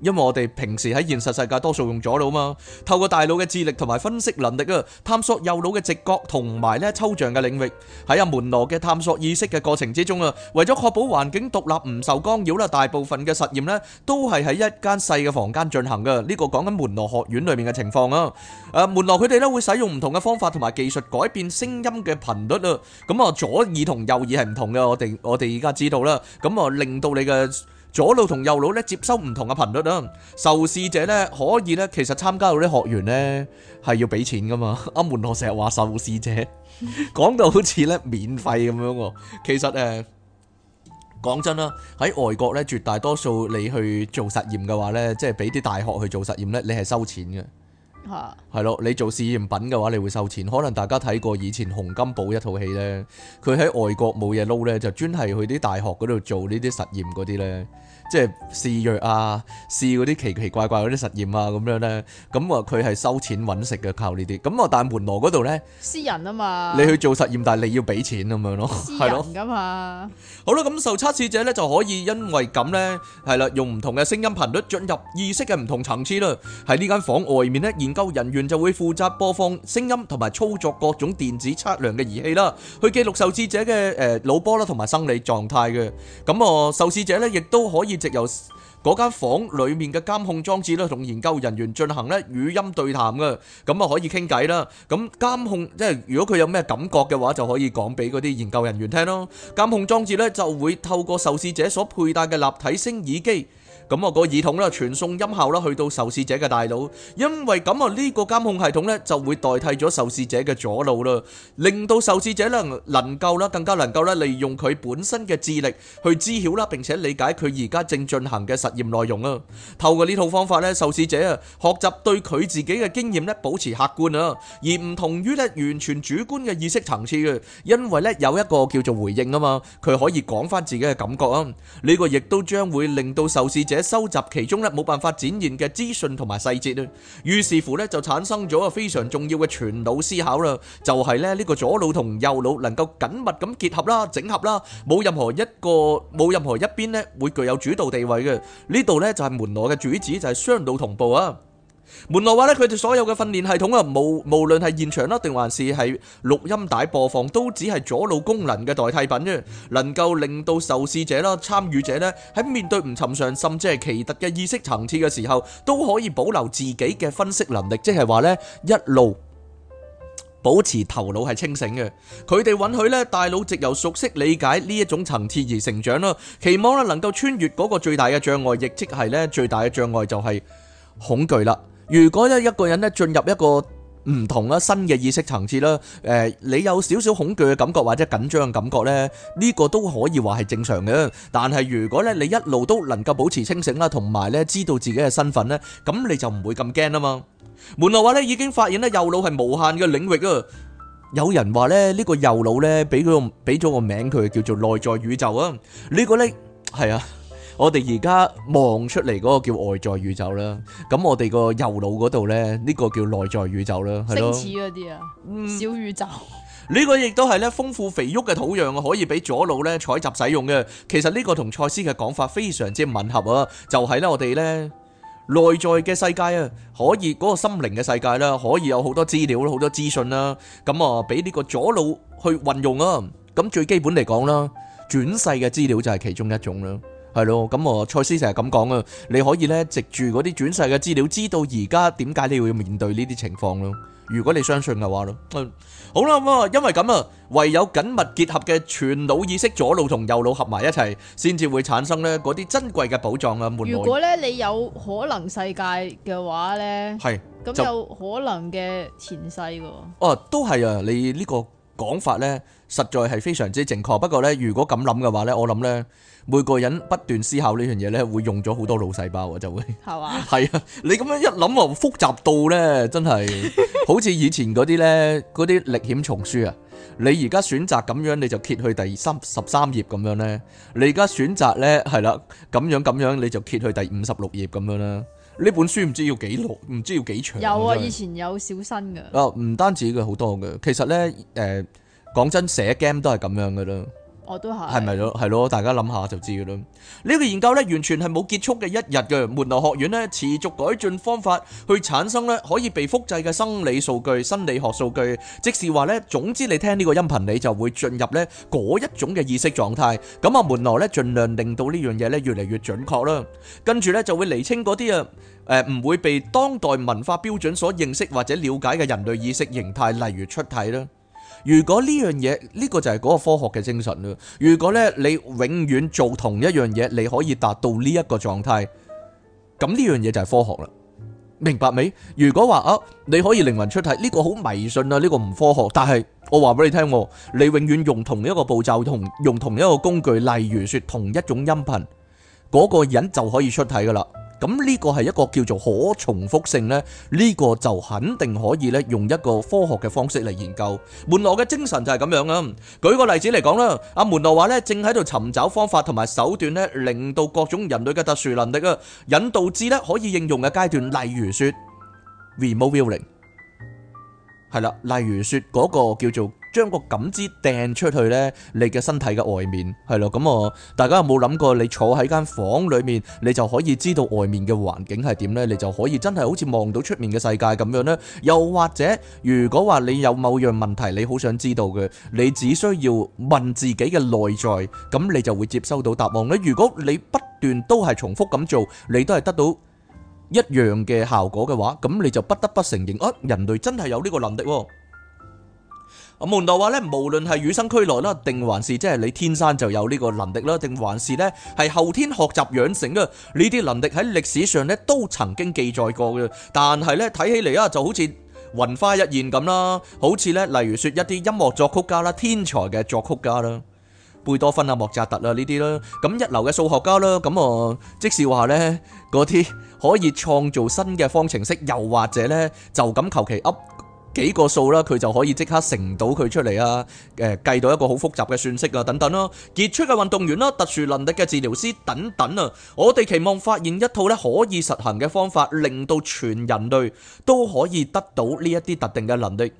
因為我哋平時喺現實世界多數用左腦嘛，透過大腦嘅智力同埋分析能力啊，探索右腦嘅直覺同埋咧抽象嘅領域，喺阿門羅嘅探索意識嘅過程之中啊，為咗確保環境獨立唔受干擾啦，大部分嘅實驗咧都係喺一間細嘅房間進行嘅，呢個講緊門羅學院裏面嘅情況啊。誒，門羅佢哋咧會使用唔同嘅方法同埋技術改變聲音嘅頻率啊，咁啊左耳同右耳係唔同嘅，我哋我哋而家知道啦，咁啊令到你嘅。左腦同右腦咧接收唔同嘅頻率啊，受試者咧可以咧，其實參加到啲學員咧係要俾錢噶嘛， 阿門我成日話受試者，講 到好似咧免費咁樣喎，其實誒講、呃、真啦，喺外國咧，絕大多數你去做實驗嘅話咧，即係俾啲大學去做實驗咧，你係收錢嘅。係咯，你做試驗品嘅話，你會收錢。可能大家睇過以前洪金寶一套戲呢，佢喺外國冇嘢撈呢，就專係去啲大學嗰度做呢啲實驗嗰啲呢。即係試藥啊，試嗰啲奇奇怪怪嗰啲實驗啊，咁樣咧，咁啊佢係收錢搵食嘅，靠呢啲，咁啊但係門羅嗰度咧，私人啊嘛，你去做實驗，但係你要俾錢咁樣咯，係咯，噶嘛，好啦，咁受測試者咧就可以因為咁咧，係啦，用唔同嘅聲音頻率進入意識嘅唔同層次啦，喺呢間房外面咧，研究人員就會負責播放聲音同埋操作各種電子測量嘅儀器啦，去記錄受試者嘅誒腦波啦同埋生理狀態嘅，咁我受試者咧亦都可以。直由嗰間房裏面嘅監控裝置咧，同研究人員進行咧語音對談嘅，咁啊可以傾偈啦。咁監控即係如果佢有咩感覺嘅話，就可以講俾嗰啲研究人員聽咯。監控裝置咧就會透過受試者所佩戴嘅立體聲耳機。咁啊，嗰耳筒啦，傳送音效啦，去到受試者嘅大腦，因為咁啊，呢個監控系統咧，就會代替咗受試者嘅左腦啦，令到受試者咧能夠啦，更加能夠咧利用佢本身嘅智力去知曉啦，並且理解佢而家正進行嘅實驗內容啊。透過呢套方法咧，受試者啊，學習對佢自己嘅經驗咧保持客觀啊，而唔同於咧完全主觀嘅意識層次嘅，因為咧有一個叫做回應啊嘛，佢可以講返自己嘅感覺啊，呢個亦都將會令到受試者。收集其中咧冇辦法展現嘅資訊同埋細節啦，於是乎咧就產生咗非常重要嘅全腦思考啦，就係咧呢個左腦同右腦能夠緊密咁結合啦、整合啦，冇任何一個，冇任何一邊咧會具有主導地位嘅，呢度咧就係門羅嘅主旨，就係雙腦同步啊。門內話咧，佢哋所有嘅訓練系統啊，無無論係現場啦，定還是係錄音帶播放，都只係左腦功能嘅代替品啫，能夠令到受試者啦、參與者咧喺面對唔尋常甚至係奇特嘅意識層次嘅時候，都可以保留自己嘅分析能力，即係話咧一路保持頭腦係清醒嘅。佢哋允許咧大腦藉由熟悉理解呢一種層次而成長啦，期望咧能夠穿越嗰個最大嘅障礙，亦即係咧最大嘅障礙就係恐懼啦。如果咧一個人咧進入一個唔同啦新嘅意識層次啦，誒、呃，你有少少恐懼嘅感覺或者緊張嘅感覺咧，呢、這個都可以話係正常嘅。但係如果咧你一路都能夠保持清醒啦，同埋咧知道自己嘅身份咧，咁你就唔會咁驚啊嘛。換嚟話咧，已經發現咧右腦係無限嘅領域啊。有人話咧呢個右腦咧俾佢俾咗個名，佢叫做內在宇宙、這個，啊。呢個呢？係啊。我哋而家望出嚟嗰個叫外在宇宙啦，咁我哋個右腦嗰度呢，呢、呢個叫內在宇宙啦，係咯，似嗰啲啊小宇宙呢、嗯呢個亦都係咧，豐富肥沃嘅土壤可以俾左腦咧採集使用嘅。其實呢個同賽斯嘅講法非常之吻合啊，就係呢，我哋呢內在嘅世界啊，可以嗰、嗰個心靈嘅世界啦，可以有好多資料，好多資訊啦，咁啊俾呢個左腦去運用啊。咁最基本嚟講啦，轉世嘅資料就係其中一種啦。係咯，咁我蔡司成日咁講啊，你可以咧，藉住嗰啲轉世嘅資料，知道而家點解你要面對呢啲情況咯。如果你相信嘅話咯，好啦，因為咁啊，唯有緊密結合嘅全腦意識，左腦同右腦合埋一齊，先至會產生咧嗰啲珍貴嘅寶藏啊。如果咧你有可能世界嘅話咧，係咁有可能嘅前世噶。哦，都係啊，你呢個講法咧，實在係非常之正確。不過咧，如果咁諗嘅話咧，我諗咧。每個人不斷思考呢樣嘢呢，會用咗好多腦細胞，就會，係嘛？係啊，你咁樣一諗啊，複雜到呢，真係好似以前嗰啲呢，嗰啲歷險叢書啊。你而家選擇咁樣，你就揭去第三十三頁咁樣呢；你而家選擇呢，係啦，咁樣咁樣，你就揭去第五十六頁咁樣啦。呢本書唔知要幾錄，唔知要幾長。有啊，的以前有小新噶。啊，唔單止佢好多嘅。其實呢，誒、呃，講真，寫 game 都係咁樣噶啦。我都係，係咪咯？係咯，大家諗下就知噶啦。呢個研究咧完全係冇結束嘅一日嘅。門羅學院咧持續改進方法去產生咧可以被複製嘅生理數據、生理學數據。即是話咧，總之你聽呢個音頻你就會進入咧嗰一種嘅意識狀態。咁啊，門羅咧盡量令到呢樣嘢咧越嚟越準確啦。跟住咧就會釐清嗰啲啊誒唔會被當代文化標準所認識或者瞭解嘅人類意識形態，例如出體啦。如果呢樣嘢，呢個就係嗰個科學嘅精神咯。如果呢，你永遠做同一樣嘢，你可以達到呢一個狀態，咁呢樣嘢就係科學啦。明白未？如果話啊，你可以靈魂出體，呢個好迷信啊，呢個唔科學。但係我話俾你聽，你永遠用同一個步驟同用，用同一個工具，例如說同一種音頻，嗰個人就可以出體噶啦。咁呢個係一個叫做可重複性咧，呢個就肯定可以咧，用一個科學嘅方式嚟研究。門羅嘅精神就係咁樣啊！舉個例子嚟講啦，阿門羅話咧，正喺度尋找方法同埋手段咧，令到各種人類嘅特殊能力啊，引導至咧可以應用嘅階段，例如說 remote viewing，係啦，例如說嗰個叫做，將個感知掟出去呢，你嘅身體嘅外面係咯，咁我大家有冇諗過？你坐喺間房裏面，你就可以知道外面嘅環境係點呢？你就可以真係好似望到出面嘅世界咁樣呢？又或者，如果話你有某樣問題，你好想知道嘅，你只需要問自己嘅內在，咁你就會接收到答案。你如果你不斷都係重複咁做，你都係得到一樣嘅效果嘅話，咁你就不得不承認，啊，人類真係有呢個能力喎。我唔同話咧，無論係與生俱來啦，定還是即係你天生就有呢個能力啦，定還是呢，係後天學習養成嘅呢啲能力，喺歷史上呢都曾經記載過嘅，但係呢，睇起嚟啊就好似曇花一現咁啦，好似呢，例如說一啲音樂作曲家啦，天才嘅作曲家啦，貝多芬啊、莫扎特啊呢啲啦，咁一流嘅數學家啦，咁啊，即是話呢，嗰啲可以創造新嘅方程式，又或者呢，就咁求其噏。幾個數啦，佢就可以即刻乘到佢出嚟啊！誒，計到一個好複雜嘅算式啊，等等咯。傑出嘅運動員啦，特殊能力嘅治療師等等啊！我哋期望發現一套咧可以實行嘅方法，令到全人類都可以得到呢一啲特定嘅能力。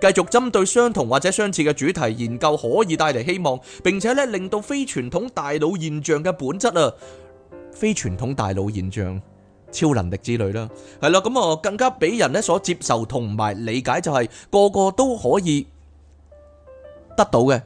繼續針對相同或者相似嘅主題研究，可以帶嚟希望，並且咧令到非傳統大腦現象嘅本質啊，非傳統大腦現象。超能力之類啦，係啦，咁啊更加俾人咧所接受同埋理解，就係個個都可以得到嘅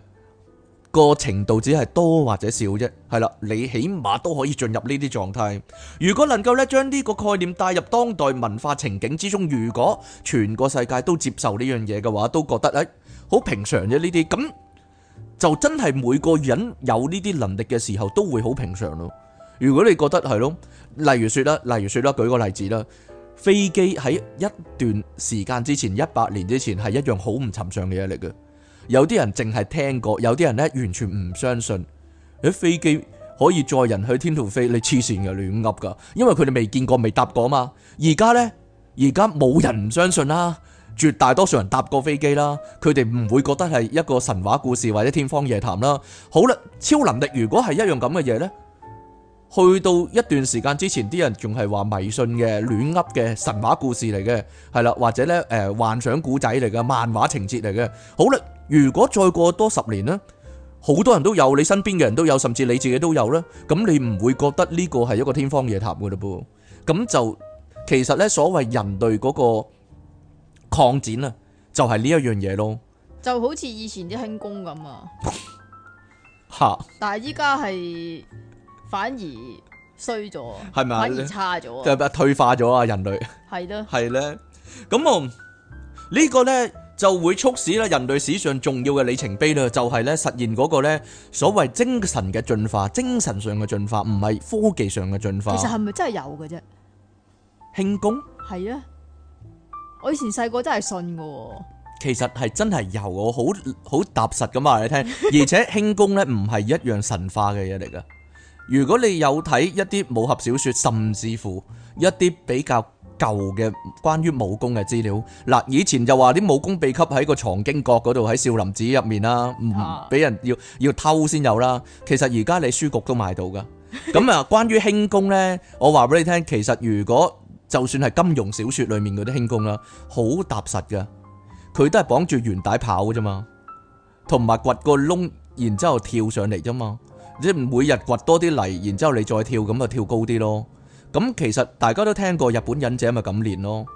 個程度只係多或者少啫，係啦，你起碼都可以進入呢啲狀態。如果能夠咧將呢個概念帶入當代文化情景之中，如果全個世界都接受呢樣嘢嘅話，都覺得，哎，好平常嘅。呢啲咁就真係每個人有呢啲能力嘅時候都會好平常咯。如果你覺得係咯，例如說啦，例如說啦，舉個例子啦，飛機喺一段時間之前，一百年之前係一樣好唔尋常嘅嘢嚟嘅。有啲人淨係聽過，有啲人呢完全唔相信，啲飛機可以載人去天度飛，你黐線嘅亂噏噶，因為佢哋未見過、未搭過嘛。而家呢，而家冇人唔相信啦，絕大多數人搭過飛機啦，佢哋唔會覺得係一個神話故事或者天方夜譚啦。好啦，超能力如果係一樣咁嘅嘢呢。去到一段時間之前，啲人仲係話迷信嘅、亂噏嘅神話故事嚟嘅，係啦，或者咧誒、呃、幻想故仔嚟嘅、漫畫情節嚟嘅。好啦，如果再過多十年啦，好多人都有，你身邊嘅人都有，甚至你自己都有啦。咁你唔會覺得呢個係一個天方夜譚嘅嘞噃？咁就其實呢所謂人類嗰個擴展啊，就係呢一樣嘢咯。就好似以前啲輕功咁啊，吓 ？但係依家係。反而衰咗，係咪啊？反而差咗啊！退化咗啊！人類係咯，係咧。咁啊，呢個咧就會促使咧人類史上重要嘅里程碑咧，就係咧實現嗰個咧所謂精神嘅進化，精神上嘅進化，唔係科技上嘅進化。其實係咪真係有嘅啫？輕功係啊，我以前細個真係信嘅。其實係真係有，我好好踏實咁話你聽。而且輕功咧唔係一樣神化嘅嘢嚟噶。如果你有睇一啲武俠小說，甚至乎一啲比較舊嘅關於武功嘅資料，嗱，以前就話啲武功秘笈喺個藏經閣嗰度喺少林寺入面啦，唔俾人，要要偷先有啦。其實而家你書局都賣到噶。咁啊，關於輕功呢，我話俾你聽，其實如果就算係金庸小說裏面嗰啲輕功啦，好踏實噶，佢都係綁住鉛帶跑嘅啫嘛，同埋掘個窿，然之後跳上嚟啫嘛。即係每日掘多啲泥，然之後你再跳咁就跳高啲咯。咁其實大家都聽過日本忍者咪咁練咯。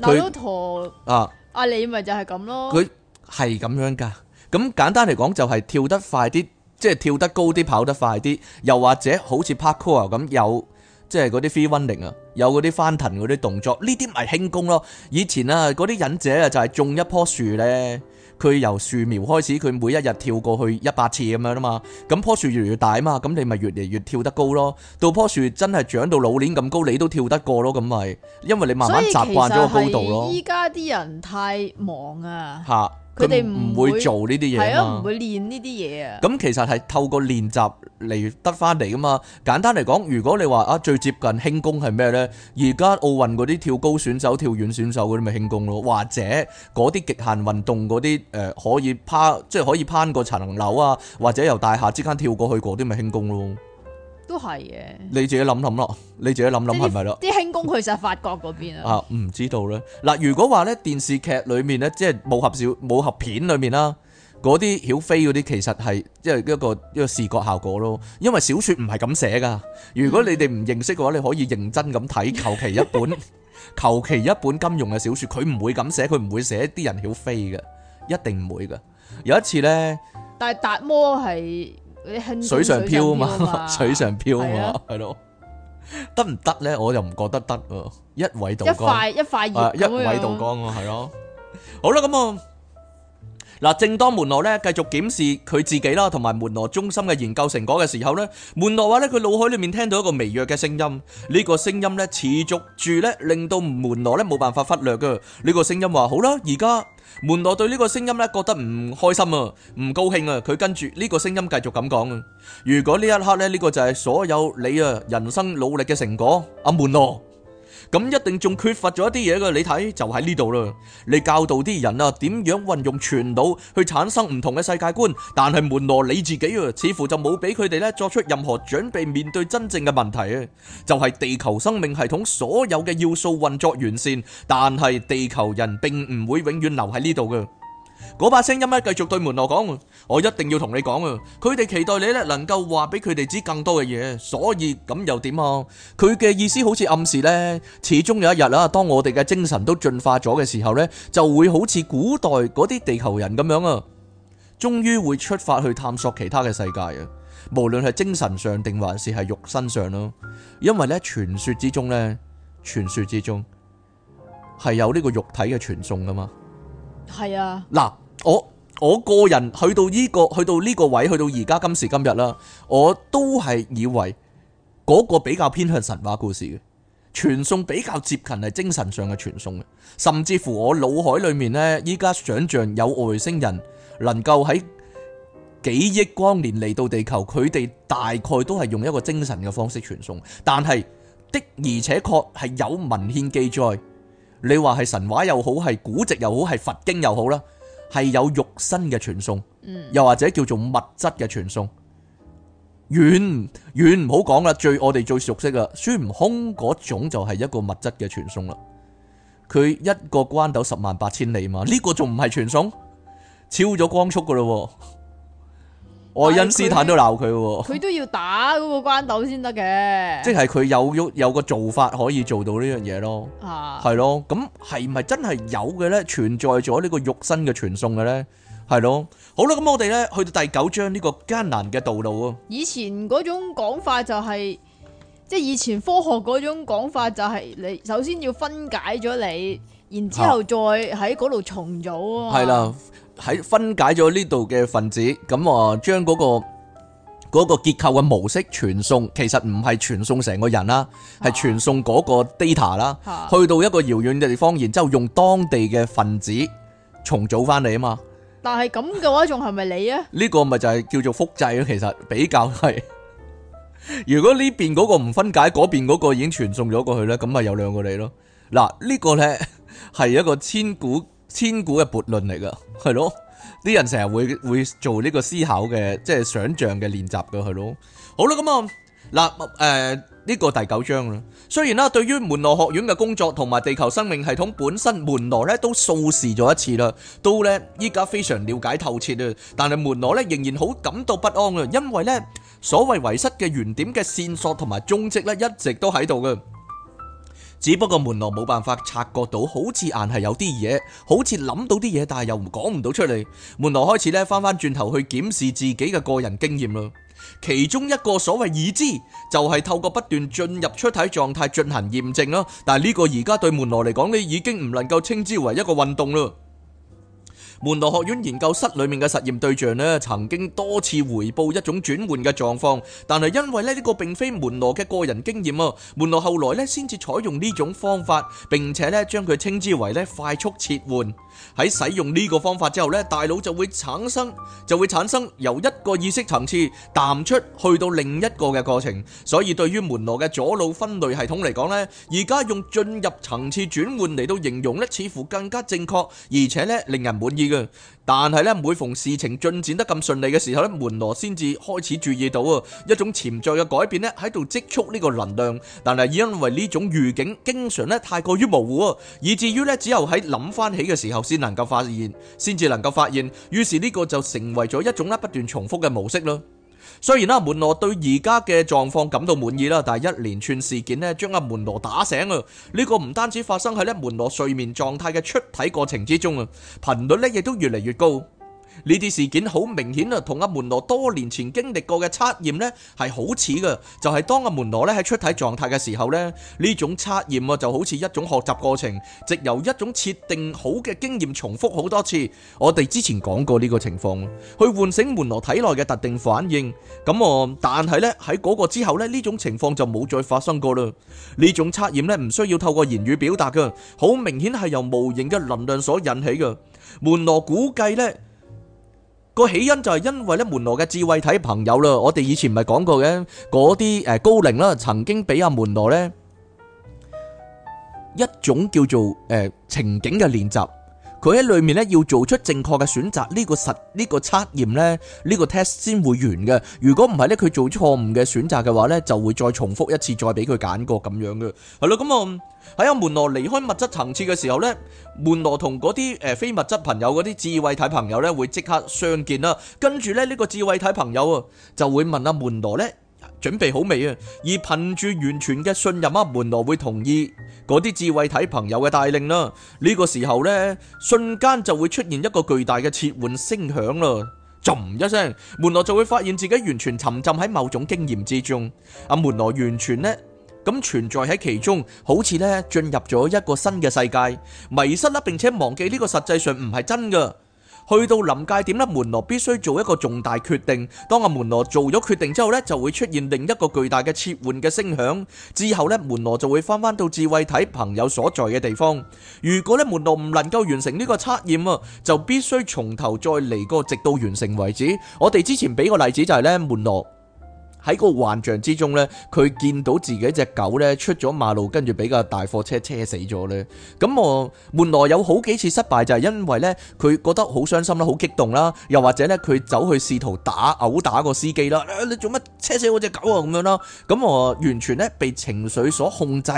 佢啊，阿、啊、你咪就係咁咯。佢係咁樣噶。咁簡單嚟講就係跳得快啲，即係跳得高啲，跑得快啲。又或者好似 Parkour 咁有，即係嗰啲 Free Running 啊，有嗰啲翻騰嗰啲動作，呢啲咪輕功咯。以前啊，嗰啲忍者啊就係種一棵樹咧。佢由樹苗開始，佢每一日跳過去一百次咁樣啊嘛。咁棵樹越嚟越大啊嘛，咁你咪越嚟越跳得高咯。到棵樹真係長到老年咁高，你都跳得過咯。咁咪因為你慢慢習慣咗個高度咯。所以其實係依家啲人太忙啊。嚇！佢哋唔會做呢啲嘢嘛？係啊，唔會練呢啲嘢啊。咁其實係透過練習嚟得翻嚟噶嘛。簡單嚟講，如果你話啊，最接近輕功係咩呢？而家奧運嗰啲跳高選手、跳遠選手嗰啲咪輕功咯，或者嗰啲極限運動嗰啲誒可以攀，即係可以攀個層樓啊，或者由大廈之間跳過去嗰啲咪輕功咯。都係嘅，你自己諗諗咯，你自己諗諗係咪咯？啲輕功佢就法國嗰邊啊？啊，唔知道咧。嗱，如果話咧電視劇裏面咧，即係武俠小武俠片裏面啦，嗰啲曉飛嗰啲其實係即係一個一個視覺效果咯。因為小說唔係咁寫噶。如果你哋唔認識嘅話，你可以認真咁睇。求其一本，求其一本金庸嘅小說，佢唔會咁寫，佢唔會寫啲人曉飛嘅，一定唔會嘅。有一次咧，但係達摩係。水上漂啊嘛，水上漂啊嘛，係咯，得唔得咧？我又唔覺得得哦，一葦渡江，一塊一塊葉，一葦渡江哦，係咯，好啦，咁啊，嗱，正當門羅咧繼續檢視佢自己啦，同埋門羅中心嘅研究成果嘅時候咧，門羅話咧佢腦海裏面聽到一個微弱嘅聲音，呢個聲音咧持續住咧令到門羅咧冇辦法忽略噶，呢個聲音話好啦，而家。門羅對呢個聲音咧覺得唔開心啊，唔高興啊，佢跟住呢個聲音繼續咁講啊，如果呢一刻咧呢，呢個就係所有你啊人生努力嘅成果，阿，啊、門羅。咁一定仲缺乏咗一啲嘢噶，你睇就喺呢度啦。你教導啲人啊，點樣運用傳導去產生唔同嘅世界觀，但係門羅你自己啊，似乎就冇俾佢哋咧作出任何準備面對真正嘅問題啊。就係地球生命系統所有嘅要素運作完善，但係地球人並唔會永遠留喺呢度噶。嗰把聲音咧，繼續對門羅講，我一定要同你講啊！佢哋期待你咧，能夠話俾佢哋知更多嘅嘢。所以咁又點啊？佢嘅意思好似暗示咧，始終有一日啊，當我哋嘅精神都進化咗嘅時候咧，就會好似古代嗰啲地球人咁樣啊，終於會出發去探索其他嘅世界啊！無論係精神上定還是係肉身上咯，因為咧，傳說之中咧，傳說之中係有呢個肉體嘅傳送噶嘛。係啊，嗱。我我個人去到呢個去到呢個位去到而家今時今日啦，我都係以為嗰個比較偏向神話故事嘅傳送比較接近係精神上嘅傳送。甚至乎我腦海裏面呢，依家想象有外星人能夠喺幾億光年嚟到地球，佢哋大概都係用一個精神嘅方式傳送，但係的而且確係有文獻記載，你話係神話又好，係古籍又好，係佛經又好啦。係有肉身嘅傳送，又或者叫做物質嘅傳送，遠遠唔好講啦。最我哋最熟悉嘅孫悟空嗰種就係一個物質嘅傳送啦。佢一個關斗十萬八千里嘛，呢個仲唔係傳送？超咗光速噶啦喎！愛因斯坦都鬧佢喎，佢都要打嗰個關鬥先得嘅。即係佢有有個做法可以做到呢樣嘢咯。啊，係咯。咁係唔係真係有嘅咧？存在咗呢個肉身嘅傳送嘅咧？係咯。好啦，咁我哋咧去到第九章呢個艱難嘅道路啊。以前嗰種講法就係，即係以前科學嗰種講法就係，你首先要分解咗你，然之後再喺嗰度重組啊。係啦、啊。喺分解咗呢度嘅分子，咁啊將嗰個嗰、嗰個結構嘅模式傳送，其實唔係傳送成個人啦，係、啊、傳送嗰個 data 啦、啊，去到一個遙遠嘅地方，然之後用當地嘅分子重組翻嚟啊嘛。但係咁嘅話，仲係咪你啊？呢 個咪就係叫做複製咯，其實比較係。 如果呢邊嗰個唔分解，嗰邊嗰個已經傳送咗過去咧，咁咪有兩個你咯。嗱、呢個，呢個咧係一個千古。千古嘅悖論嚟噶，係咯？啲人成日會會做呢個思考嘅，即係想象嘅練習噶，係咯？好啦，咁啊，嗱，誒，呢個第九章啦。雖然啦，對於門羅學院嘅工作同埋地球生命系統本身，門羅咧都掃視咗一次啦，都咧依家非常了解透徹啊。但係門羅咧仍然好感到不安啊，因為咧所謂遺失嘅原點嘅線索同埋蹤跡咧，一直都喺度噶。只不過門羅冇辦法察覺到，好似硬係有啲嘢，好似諗到啲嘢，但係又唔講唔到出嚟。門羅開始咧翻翻轉頭去檢視自己嘅個人經驗啦，其中一個所謂已知，就係透過不斷進入出體狀態進行驗證啦。但係呢個而家對門羅嚟講咧，已經唔能夠稱之為一個運動啦。門羅學院研究室裏面嘅實驗對象呢，曾經多次回報一種轉換嘅狀況，但係因為呢，呢個並非門羅嘅個人經驗啊，門羅後來呢先至採用呢種方法，並且呢將佢稱之為呢，快速切換。喺使用呢個方法之後咧，大腦就會產生就會產生由一個意識層次淡出去到另一個嘅過程。所以對於門羅嘅左腦分類系統嚟講咧，而家用進入層次轉換嚟到形容咧，似乎更加正確，而且咧令人滿意嘅。但係咧，每逢事情進展得咁順利嘅時候咧，門羅先至開始注意到啊，一種潛在嘅改變咧喺度積蓄呢個能量。但係因為呢種預警經常咧太過於模糊，以至於咧只有喺諗翻起嘅時候先能夠發現，先至能夠發現。於是呢個就成為咗一種咧不斷重複嘅模式咯。雖然啦、啊，門羅對而家嘅狀況感到滿意啦，但係一連串事件咧將阿門羅打醒啊！呢、這個唔單止發生喺咧門羅睡眠狀態嘅出體過程之中啊，頻率呢亦都越嚟越高。呢啲事件好明顯啊，同阿門羅多年前經歷過嘅測驗咧係好似嘅，就係當阿門羅咧喺出體狀態嘅時候咧，呢種測驗啊就好似一種學習過程，藉由一種設定好嘅經驗重複好多次。我哋之前講過呢個情況咯，去喚醒門羅體內嘅特定反應。咁喎，但係咧喺嗰個之後咧，呢種情況就冇再發生過啦。呢種測驗咧唔需要透過言語表達㗎，好明顯係由無形嘅能量所引起嘅。門羅估計咧。個起因就係因為咧門羅嘅智慧體朋友啦，我哋以前唔係講過嘅嗰啲誒高靈啦，曾經俾阿門羅咧一種叫做誒情景嘅練習。佢喺裏面咧要做出正確嘅選擇，呢、這個實呢、這個測驗咧，呢、這個 test 先會完嘅。如果唔係呢，佢做錯誤嘅選擇嘅話呢，就會再重複一次再，再俾佢揀過咁樣嘅。係咯，咁、嗯、啊喺阿門羅離開物質層次嘅時候呢，門羅同嗰啲誒非物質朋友嗰啲智慧體朋友呢會即刻相見啦。跟住呢，呢、這個智慧體朋友啊就會問阿、啊、門羅呢。準備好未啊？而憑住完全嘅信任啊，門羅會同意嗰啲智慧體朋友嘅帶領啦。呢、呢個時候呢，瞬間就會出現一個巨大嘅切換聲響啦，咁一聲，門羅就會發現自己完全沉浸喺某種經驗之中。阿門羅完全呢，咁存在喺其中，好似呢進入咗一個新嘅世界，迷失啦，並且忘記呢個實際上唔係真噶。去到臨界點咧，門羅必須做一個重大決定。當阿門羅做咗決定之後咧，就會出現另一個巨大嘅切換嘅聲響。之後咧，門羅就會翻翻到智慧體朋友所在嘅地方。如果咧門羅唔能夠完成呢個測驗啊，就必須從頭再嚟個，直到完成為止。我哋之前俾個例子就係咧，門羅。喺個幻象之中呢，佢見到自己隻狗呢出咗馬路，跟住俾個大貨車車死咗呢，咁我門內有好幾次失敗，就係、是、因為呢佢覺得好傷心啦，好激動啦，又或者呢佢走去試圖打毆打個司機啦、啊，你做乜車死我隻狗啊咁樣啦？咁我完全呢被情緒所控制。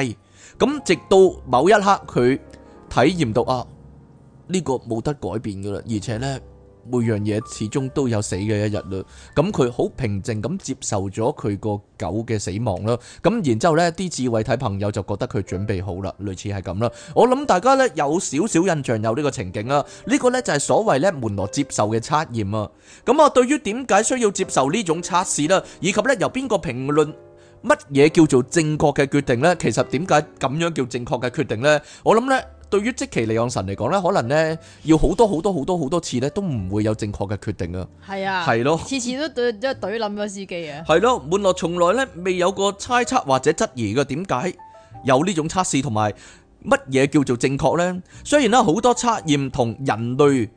咁直到某一刻佢體驗到啊，呢、這個冇得改變噶啦，而且呢。每樣嘢始終都有死嘅一日嘞。咁佢好平靜咁接受咗佢個狗嘅死亡啦，咁然之後呢啲智慧體朋友就覺得佢準備好啦，類似係咁啦。我諗大家呢有少少印象有呢個情景啊，呢個呢就係所謂呢門羅接受嘅測驗啊。咁、嗯、啊，對於點解需要接受呢種測試啦，以及呢由邊個評論乜嘢叫做正確嘅決定呢？其實點解咁樣叫正確嘅決定呢？我諗呢。對於即其利用神嚟講呢，可能呢要好多好多好多好多次呢，都唔會有正確嘅決定啊！係啊，係咯，次次都一隊諗咗司機啊！係咯，滿樂從來呢未有過猜測或者質疑嘅，點解有呢種測試同埋乜嘢叫做正確呢？雖然呢，好多測驗同人類。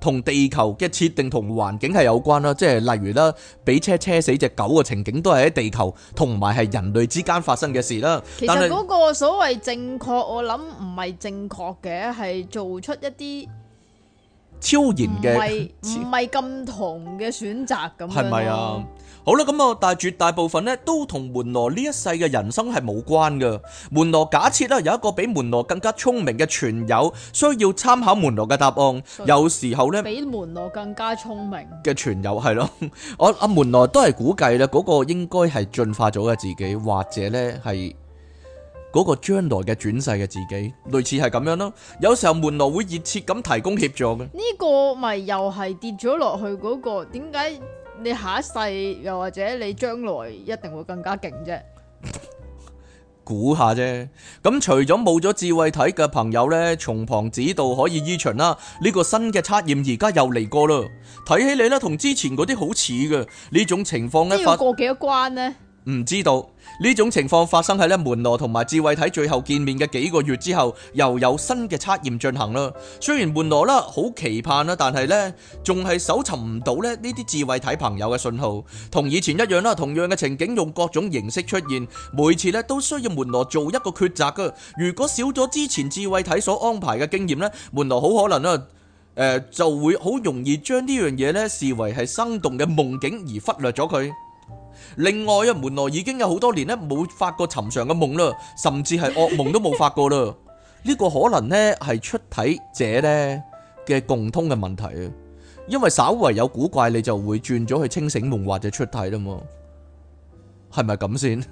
同地球嘅設定同環境係有關啦，即係例如啦，俾車車死隻狗嘅情景都係喺地球同埋係人類之間發生嘅事啦。其實嗰個所謂正確，我諗唔係正確嘅，係做出一啲超然嘅，唔係咁同嘅選擇咁樣咯。 係咪啊？好啦，咁啊，但係絕大部分呢都同門羅呢一世嘅人生係冇關㗎。門羅假設啦，有一個比門羅更加聰明嘅傳友，需要參考門羅嘅答案。有時候呢，比門羅更加聰明嘅傳友係咯。我阿門羅都係估計啦，嗰個應該係進化咗嘅自己，或者呢係嗰個將來嘅轉世嘅自己，類似係咁樣咯。有時候門羅會熱切咁提供協助嘅。呢個咪又係跌咗落去嗰個？點解？你下一世又或者你將來一定會更加勁啫，估 下啫。咁除咗冇咗智慧體嘅朋友咧，從旁指導可以依循啦。呢個新嘅測驗而家又嚟過啦，睇起嚟咧同之前嗰啲好似嘅呢種情況咧，要過幾多關呢？唔知道。呢種情況發生喺咧門羅同埋智慧體最後見面嘅幾個月之後，又有新嘅測驗進行啦。雖然門羅啦好期盼啦，但係咧仲係搜尋唔到咧呢啲智慧體朋友嘅信號，同以前一樣啦，同樣嘅情景用各種形式出現，每次咧都需要門羅做一個抉擇噶。如果少咗之前智慧體所安排嘅經驗咧，門羅好可能啦，誒、呃、就會好容易將呢樣嘢咧視為係生動嘅夢境而忽略咗佢。另外啊，門內已經有好多年咧冇發過尋常嘅夢啦，甚至係噩夢都冇發過啦。呢個可能咧係出體者咧嘅共通嘅問題，因為稍為有古怪你就會轉咗去清醒夢或者出體啦嘛。係咪咁先？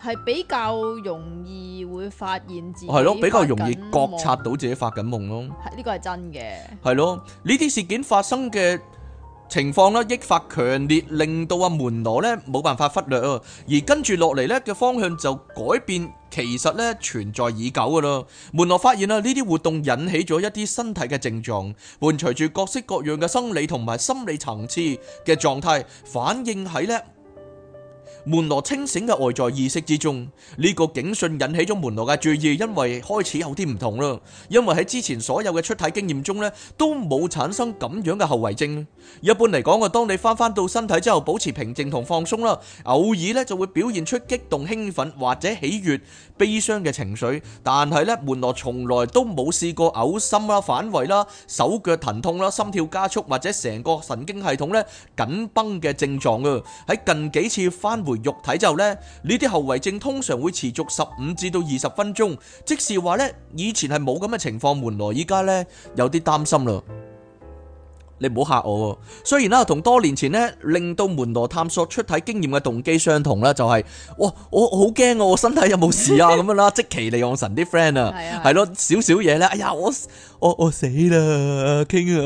係比較容易會發現自己，係咯，比較容易覺察到自己發緊夢咯。係呢個係真嘅。係咯，呢啲事件發生嘅。情況呢，益發強烈，令到阿門羅冇辦法忽略。而跟住落嚟嘅方向就改變，其實存在已久㗎喇。門羅發現，這些活動引起了一些身體嘅症狀，伴隨住各式各樣嘅生理同埋心理層次嘅狀態，反映喺門羅清醒嘅外在意識之中，呢個警訊引起咗門羅嘅注意，因為開始有啲唔同啦。因為喺之前所有嘅出體經驗中呢，都冇產生咁樣嘅後遺症。一般嚟講啊，當你翻翻到身體之後，保持平靜同放鬆啦，偶爾呢就會表現出激動、興奮或者喜悅、悲傷嘅情緒。但係呢，門羅從來都冇試過嘔心啦、反胃啦、手腳疼痛啦、心跳加速或者成個神經系統呢緊繃嘅症狀啊。喺近幾次翻回。肉體就咧，呢啲後遺症通常會持續十五至到二十分鐘，即是話咧，以前係冇咁嘅情況門羅，依家咧有啲擔心啦。你唔好嚇我喎。雖然啦，同多年前咧令到門羅探索出體經驗嘅動機相同啦，就係，哇，我好驚啊，我身體有冇事啊咁樣啦，即奇嚟望神啲 friend 啊，係咯，少少嘢咧，哎呀我。我我死啦，傾啊！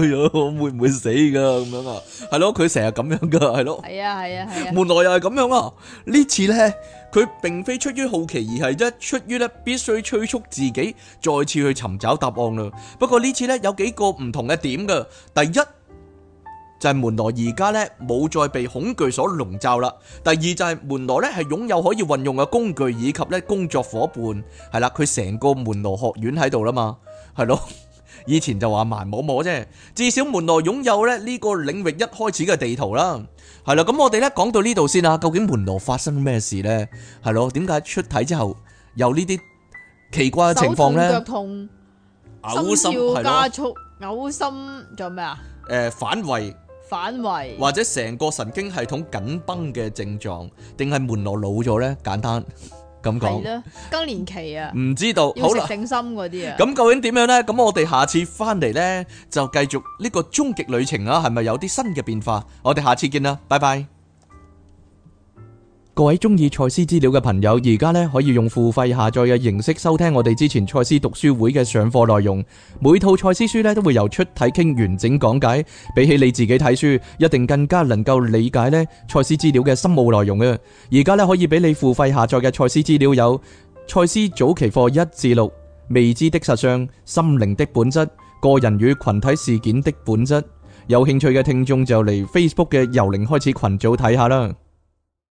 哎呀，我會唔會死噶咁樣啊？係咯，佢成日咁樣噶，係咯。係啊，係啊，係啊。門羅又係咁樣啊？呢次咧，佢並非出於好奇，而係一出於咧必須催促自己再次去尋找答案啦。不過呢次咧，有幾個唔同嘅點噶。第一就係門羅而家咧冇再被恐懼所籠罩啦。第二就係門羅咧係擁有可以運用嘅工具以及咧工作伙伴，係啦，佢成個門羅學院喺度啦嘛。係咯， 以前就話盲摸摸啫，至少門羅擁有咧呢個領域一開始嘅地圖啦。係啦，咁我哋咧講到呢度先啊。究竟門羅發生咩事呢？係咯，點解出體之後有呢啲奇怪嘅情況呢？手痛、腳痛、嘔心，加速嘔心，仲有咩啊？誒，反胃，反胃，或者成個神經系統緊繃嘅症狀，定係門羅老咗呢？簡單。咁講更年期啊，唔知道，醒好，食醒心嗰啲啊。咁究竟點樣咧？咁我哋下次翻嚟咧，就繼續呢個終極旅程啊，係咪有啲新嘅變化？我哋下次見啦，拜拜。各位中意賽斯資料嘅朋友，而家咧可以用付費下載嘅形式收聽我哋之前賽斯讀書會嘅上課內容。每套賽斯書咧都會由出體傾完整講解，比起你自己睇書，一定更加能夠理解咧賽斯資料嘅深奧內容啊！而家咧可以俾你付費下載嘅賽斯資料有賽斯早期課一至六、未知的實相、心靈的本質、個人與群體事件的本質。有興趣嘅聽眾就嚟 Facebook 嘅由零開始群組睇下啦。